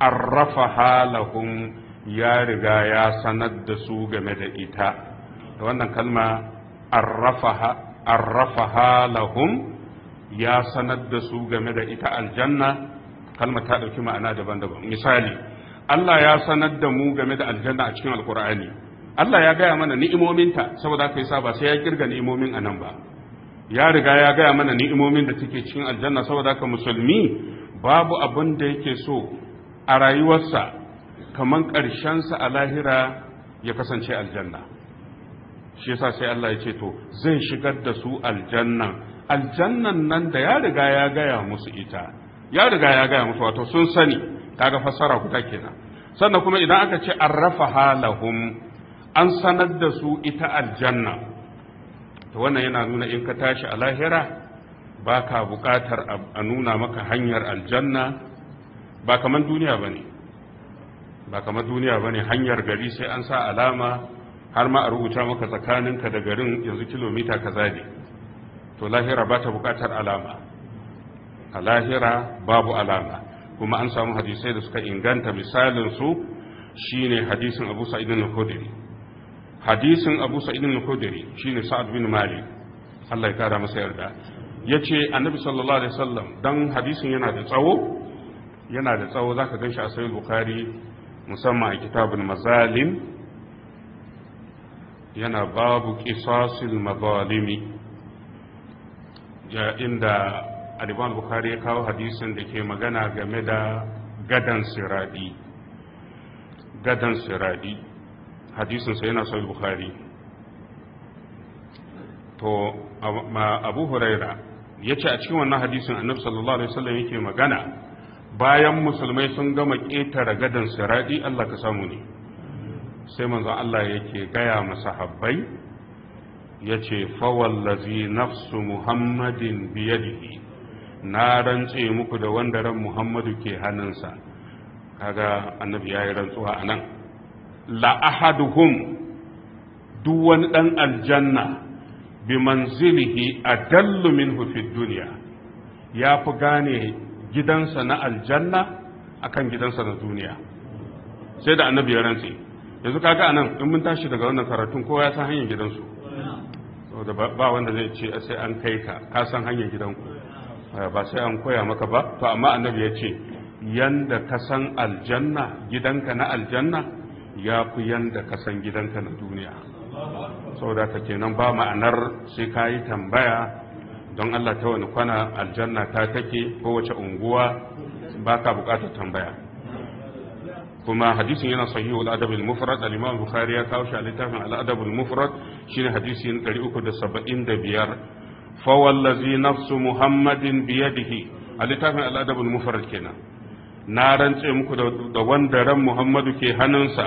arrafa halahum ya riga ya sanar da su game da ita da wannan kalma arrafa halahum ya sanar da su game da ita aljanna kalma ta ɗauki ma'ana daban-daban misali Allah ya sanar da mu game da aljanna a cikin alkur'ani Allah ya gaya mana ni'imominta saboda kai saba sai ya kirga ni'imomin anan ba ya riga ya gaya mana ni'imomin da take cikin aljanna saboda ka musulmi babu abin da yake so a rayuwarsa kaman ƙarshensa a lahira ya kasance aljanna shi yasa sai Allah ya ce to zai shigar da su aljanna. aljannan nan da ya riga ya gaya musu ita ya riga ya gaya musu wato sun sani kaga fassara guda kenan sannan kuma idan aka ce arrafa halahum an sanar da su ita aljanna ta wannan yana nuna in ka tashi a lahira ba buƙatar a nuna maka hanyar aljanna ba kamar duniya ba ne ba kamar duniya ba ne hanyar gari sai an sa alama har ma a rubuta maka tsakaninka da garin yanzu kilomita ka ne to lahira ba ta buƙatar alama a lahira babu alama kuma an samu hadisai da suka inganta misalin su shine hadisin abu sa'idin al-khudri hadisin abu sa'id al-khudri shine sa'ad bin malik Allah ya kara masa yarda yace annabi sallallahu alaihi wasallam dan hadisin yana da tsawo yana da tsawo zaka ganshi a sahih bukhari musamman a kitabul mazalim yana babu qisasil mazalimi ja inda al-imam ya kawo hadisin da ke magana game da Gadon siradi gadan siradi hadisinsa yana sai bukhari to abu huraira ya ce a cikin wannan hadisin annabi sallallahu alaihi wasallam yake magana bayan musulmai sun gama ƙetare gadon siradi Allah ka samu ne sai manzo Allah yake gaya masahabbai ya ce fawallazi nafsu muhammadin biyadihi na rantse muku da wanda ran muhammadu ke hannunsa kaga annabi ya yi rantsuwa a nan la ahaduhum duk wani ɗan aljanna bi manzilihi adallu minhu fi duniya ya fi gane gidansa na aljanna akan gidansa na duniya sai da annabi ya yanzu kaga anan in mun tashi daga wannan karatun kowa ya san hanyar gidansu saboda ba wanda zai ce sai an kai ka ka san hanyar gidanku eh, ba sai an koya maka ba to amma annabi ya ce yanda ka san aljanna gidanka na aljanna ya fi yanda ka san gidanka na duniya saboda ka kenan ba ma'anar sai ka yi tambaya don Allah ta wani kwana aljanna ta take kowace unguwa ba ka bukatar tambaya kuma hadisin yana sahihu al-adab al-mufrad al-imam bukhari ya kawo shi a littafin al-adab al-mufrad shine da 375 fa wallazi nafsu muhammadin biyadihi a littafin al'adabin adab al-mufrad kenan na rantse muku da wanda ran Muhammadu ke hannunsa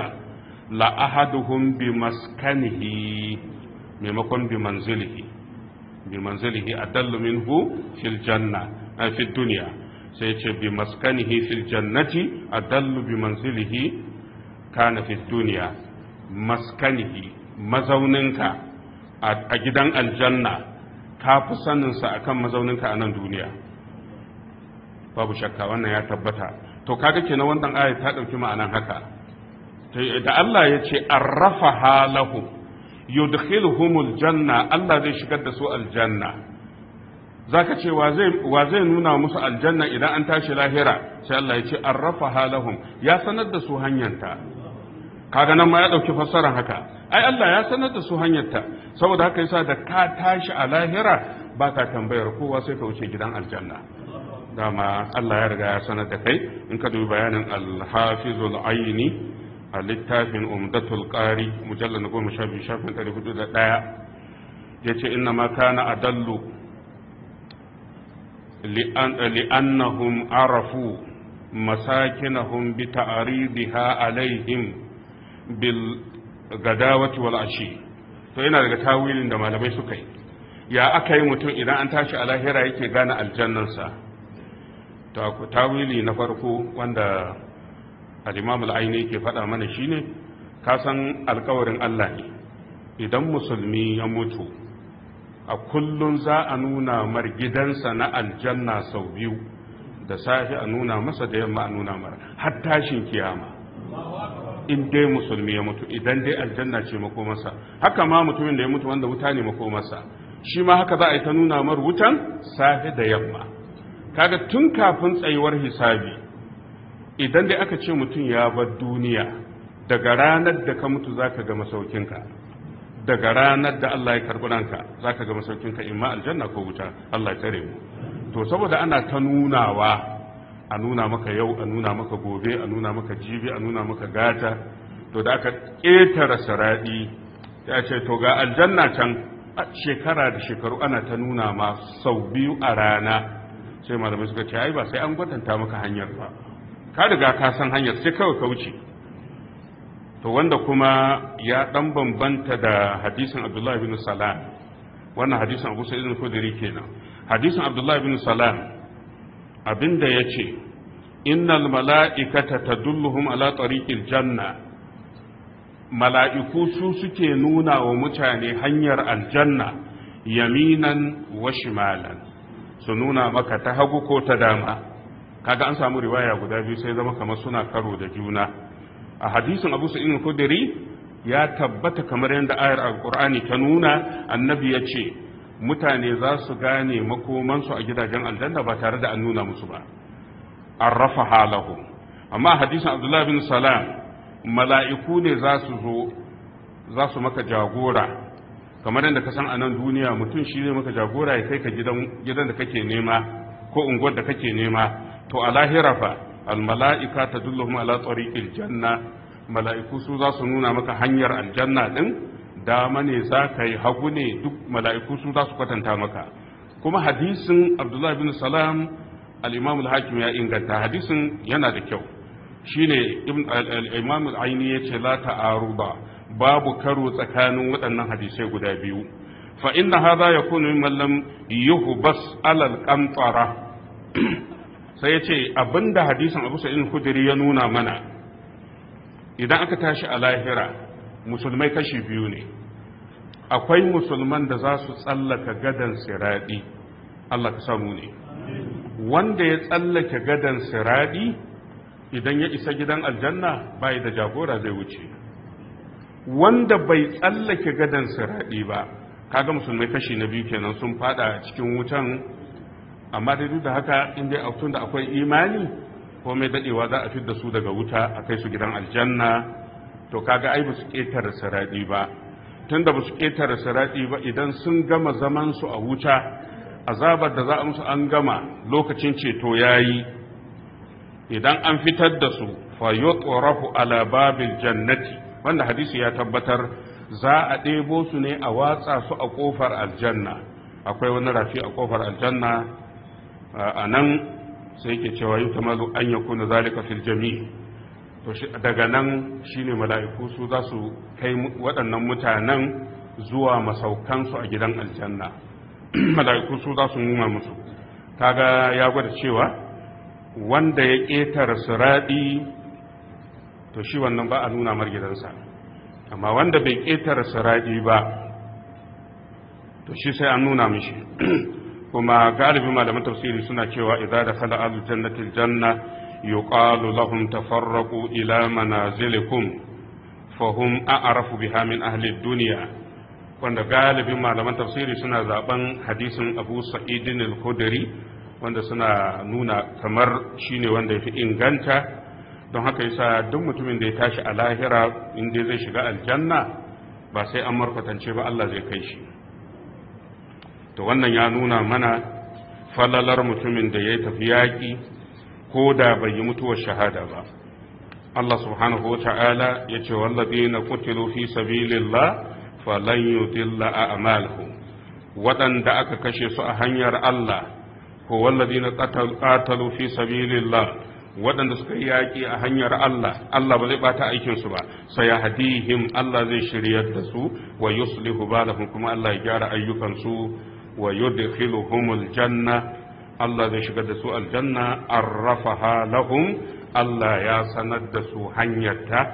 la ahaduhum bi maskanihi maimakon bi manzilihi bi manzilihi adallu minhu fil janna a fi duniya sai ce bi maskanihi fil jannati adallu bi manzilihi kana fi duniya maskanihi mazauninka a gidan aljanna ka fi saninsa akan mazauninka a nan duniya babu shakka wannan ya tabbata to kaga kenan wannan ayat ta ɗauki ma'anan haka da Allah ya ce arrafa halahu yudkhiluhumul janna Allah zai shigar da su aljanna zaka ce wa zai wa zai nuna musu aljanna idan an tashi lahira sai Allah ya ce arrafa halahum ya sanar da su hanyarta kaga nan ma ya ɗauki fassarar haka ai Allah ya sanar da su hanyarta saboda haka yasa da ka tashi a lahira ba ka tambayar kowa sai ka wuce gidan aljanna dama Allah ya riga ya sanar da kai in ka dubi bayanin alhafizul aini a littafin umdatul qari mujallal na goma sha biyu shafin ɗari hudu da ɗaya ya ce inna ma kana adallu li'annahum arafu masakinahum bi ta'ridiha alaihim bil gadawati wal ashi to yana daga tawilin da malamai suka yi ya aka yi mutum idan an tashi a lahira yake gane aljannansa tawili na farko wanda al'imamul aini ke faɗa mana shine san alkawarin Allah ne idan musulmi ya mutu a kullum za a nuna mar gidansa na aljanna sau biyu da safi a nuna masa da yamma a nuna mara har tashin kiyama in dai musulmi ya mutu idan dai aljanna ce makomarsa haka ma mutumin da ya mutu wanda wuta ne makomarsa shi ma haka za a yi ta nuna mar wutan safe da yamma kaga tun kafin tsayuwar hisabi idan dai aka ce mutum ya bar duniya daga ranar da ka mutu zaka ga masaukinka daga ranar da Allah ya karbi ranka zaka ga masaukinka imma aljanna ko wuta Allah ya tare mu to saboda ana ta nunawa a nuna maka yau a nuna maka gobe a nuna maka jibi a nuna maka gata to da aka ƙetare saradi, ya ce to ga aljanna can shekara da shekaru ana ta nuna ma sau biyu a rana sai malamai suka ce ai ba sai an gwadanta maka hanyar ba ka riga ka san hanyar sai kawai ka wuce to wanda kuma ya dan bambanta da hadisin Abdullah bin Salam wannan hadisin Abu Sa'id ibn khudri kenan hadisin Abdullah bin Salam abinda yace innal mala'ikata tadulluhum ala tariqil janna mala'iku su suke nuna wa mutane hanyar aljanna yaminan wa shimalan su nuna maka ta hagu ko ta dama kaga an samu riwaya guda biyu sai zama kamar suna karo da juna a hadisin abu inu kudiri ya tabbata kamar yadda ayar alkur'ani ta nuna annabi ya ce mutane za su gane makomansu a gidajen aljanna ba tare da an nuna musu ba an rafa halahu amma a hadisin abdullahi bin salam mala'iku ne za su zo za su maka jagora kamar yadda ka san a nan duniya mutum shi zai maka jagora ya kai ka gidan da kake nema ko unguwar da kake nema to a lahira fa almala'ika ta dulluhum ala tsariqil janna mala'iku su za su nuna maka hanyar aljanna din dama ne za ka yi hagu ne duk mala'iku su za su kwatanta maka kuma hadisin abdullahi bin salam al'imamu ya inganta hadisin yana da kyau shine imam al-aini ce la ta'aruba babu karo tsakanin waɗannan hadisai guda biyu fa inna hadha yakunu mimman lam yuhbas alal qantara sai ya ce abinda hadisin Abu Sa'id Khudri ya nuna mana idan aka tashi a lahira musulmai kashi biyu ne akwai musulman da za su tsallaka gadan siradi Allah ka samu ne wanda ya tsallake gadan siradi idan ya isa gidan aljanna bai da jagora zai wuce wanda bai tsallake gadon siraɗi ba kaga musulmai kashi na biyu kenan sun fada cikin wutan amma dai duk da haka in dai tun da akwai imani ko mai dadewa za a da su daga wuta a kai su gidan aljanna to kaga ai ba su ƙetare ba tunda ba su ƙetare ba idan sun gama zaman su a wuta azabar da za a musu an gama lokacin ceto yayi idan an fitar da su fa yutrafu ala babil jannati wanda hadisi ya tabbatar za a ɗebo su ne a watsa su a ƙofar aljanna akwai wani rafi a ƙofar aljanna a nan sai ke cewa yi kamar an ya kuna zalika fil jami to daga nan shine mala'iku su za su kai waɗannan mutanen zuwa masaukansu a gidan aljanna mala'iku su za su nuna musu kaga ya gwada cewa wanda ya ƙetare siraɗi to shi wannan ba a nuna margidansa, amma wanda bai ƙetare sara'i ba to shi sai an nuna mishi kuma galibin malaman tafsiri suna cewa idza dakhala ahlu jannati aljanna yuqalu lahum tafarraqu ila manazilikum fahum a'rafu biha min ahli dunya wanda galibin malaman tafsiri suna zaben hadisin Abu Sa'id al-Khudri wanda suna nuna kamar shine wanda yafi inganta don haka yasa duk mutumin da ya tashi a lahira inda zai shiga aljanna ba sai an markwatance ba Allah zai kai shi to wannan ya nuna mana falalar mutumin da ya tafi yaƙi ko da bai yi mutuwar shahada ba Allah subhanahu wa ta'ala ya ce wallabi na kutilu fi sabilillah falan yudilla a amalhu waɗanda aka kashe su a hanyar Allah ko wallabi na ƙatalu fi sabilillah waɗanda suka yi yaƙi a hanyar Allah Allah ba zai bata aikin su ba hadihim Allah zai shiryar da su wa yuslihu balahum kuma Allah ya gyara ayyukan su wa yudkhiluhumul janna Allah zai shigar da su aljanna arrafaha lahum Allah ya sanar da su hanyarta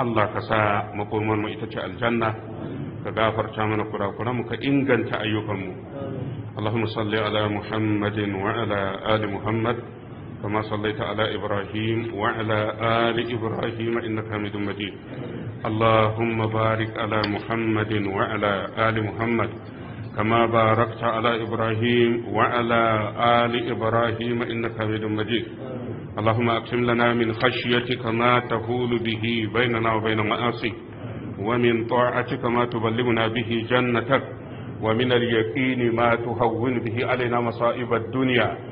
Allah ka sa makomar mu ita ce aljanna ka gafarta mana kurakuran mu ka inganta ayyukanmu. mu salli صل على محمد وعلى كما صليت على إبراهيم وعلى آل إبراهيم إنك حميد مجيد اللهم بارك على محمد وعلى آل محمد كما باركت على إبراهيم وعلى آل إبراهيم إنك حميد مجيد اللهم أقسم لنا من خشيتك ما تهول به بيننا وبين معاصيك ومن طاعتك ما تبلغنا به جنتك ومن اليقين ما تهون به علينا مصائب الدنيا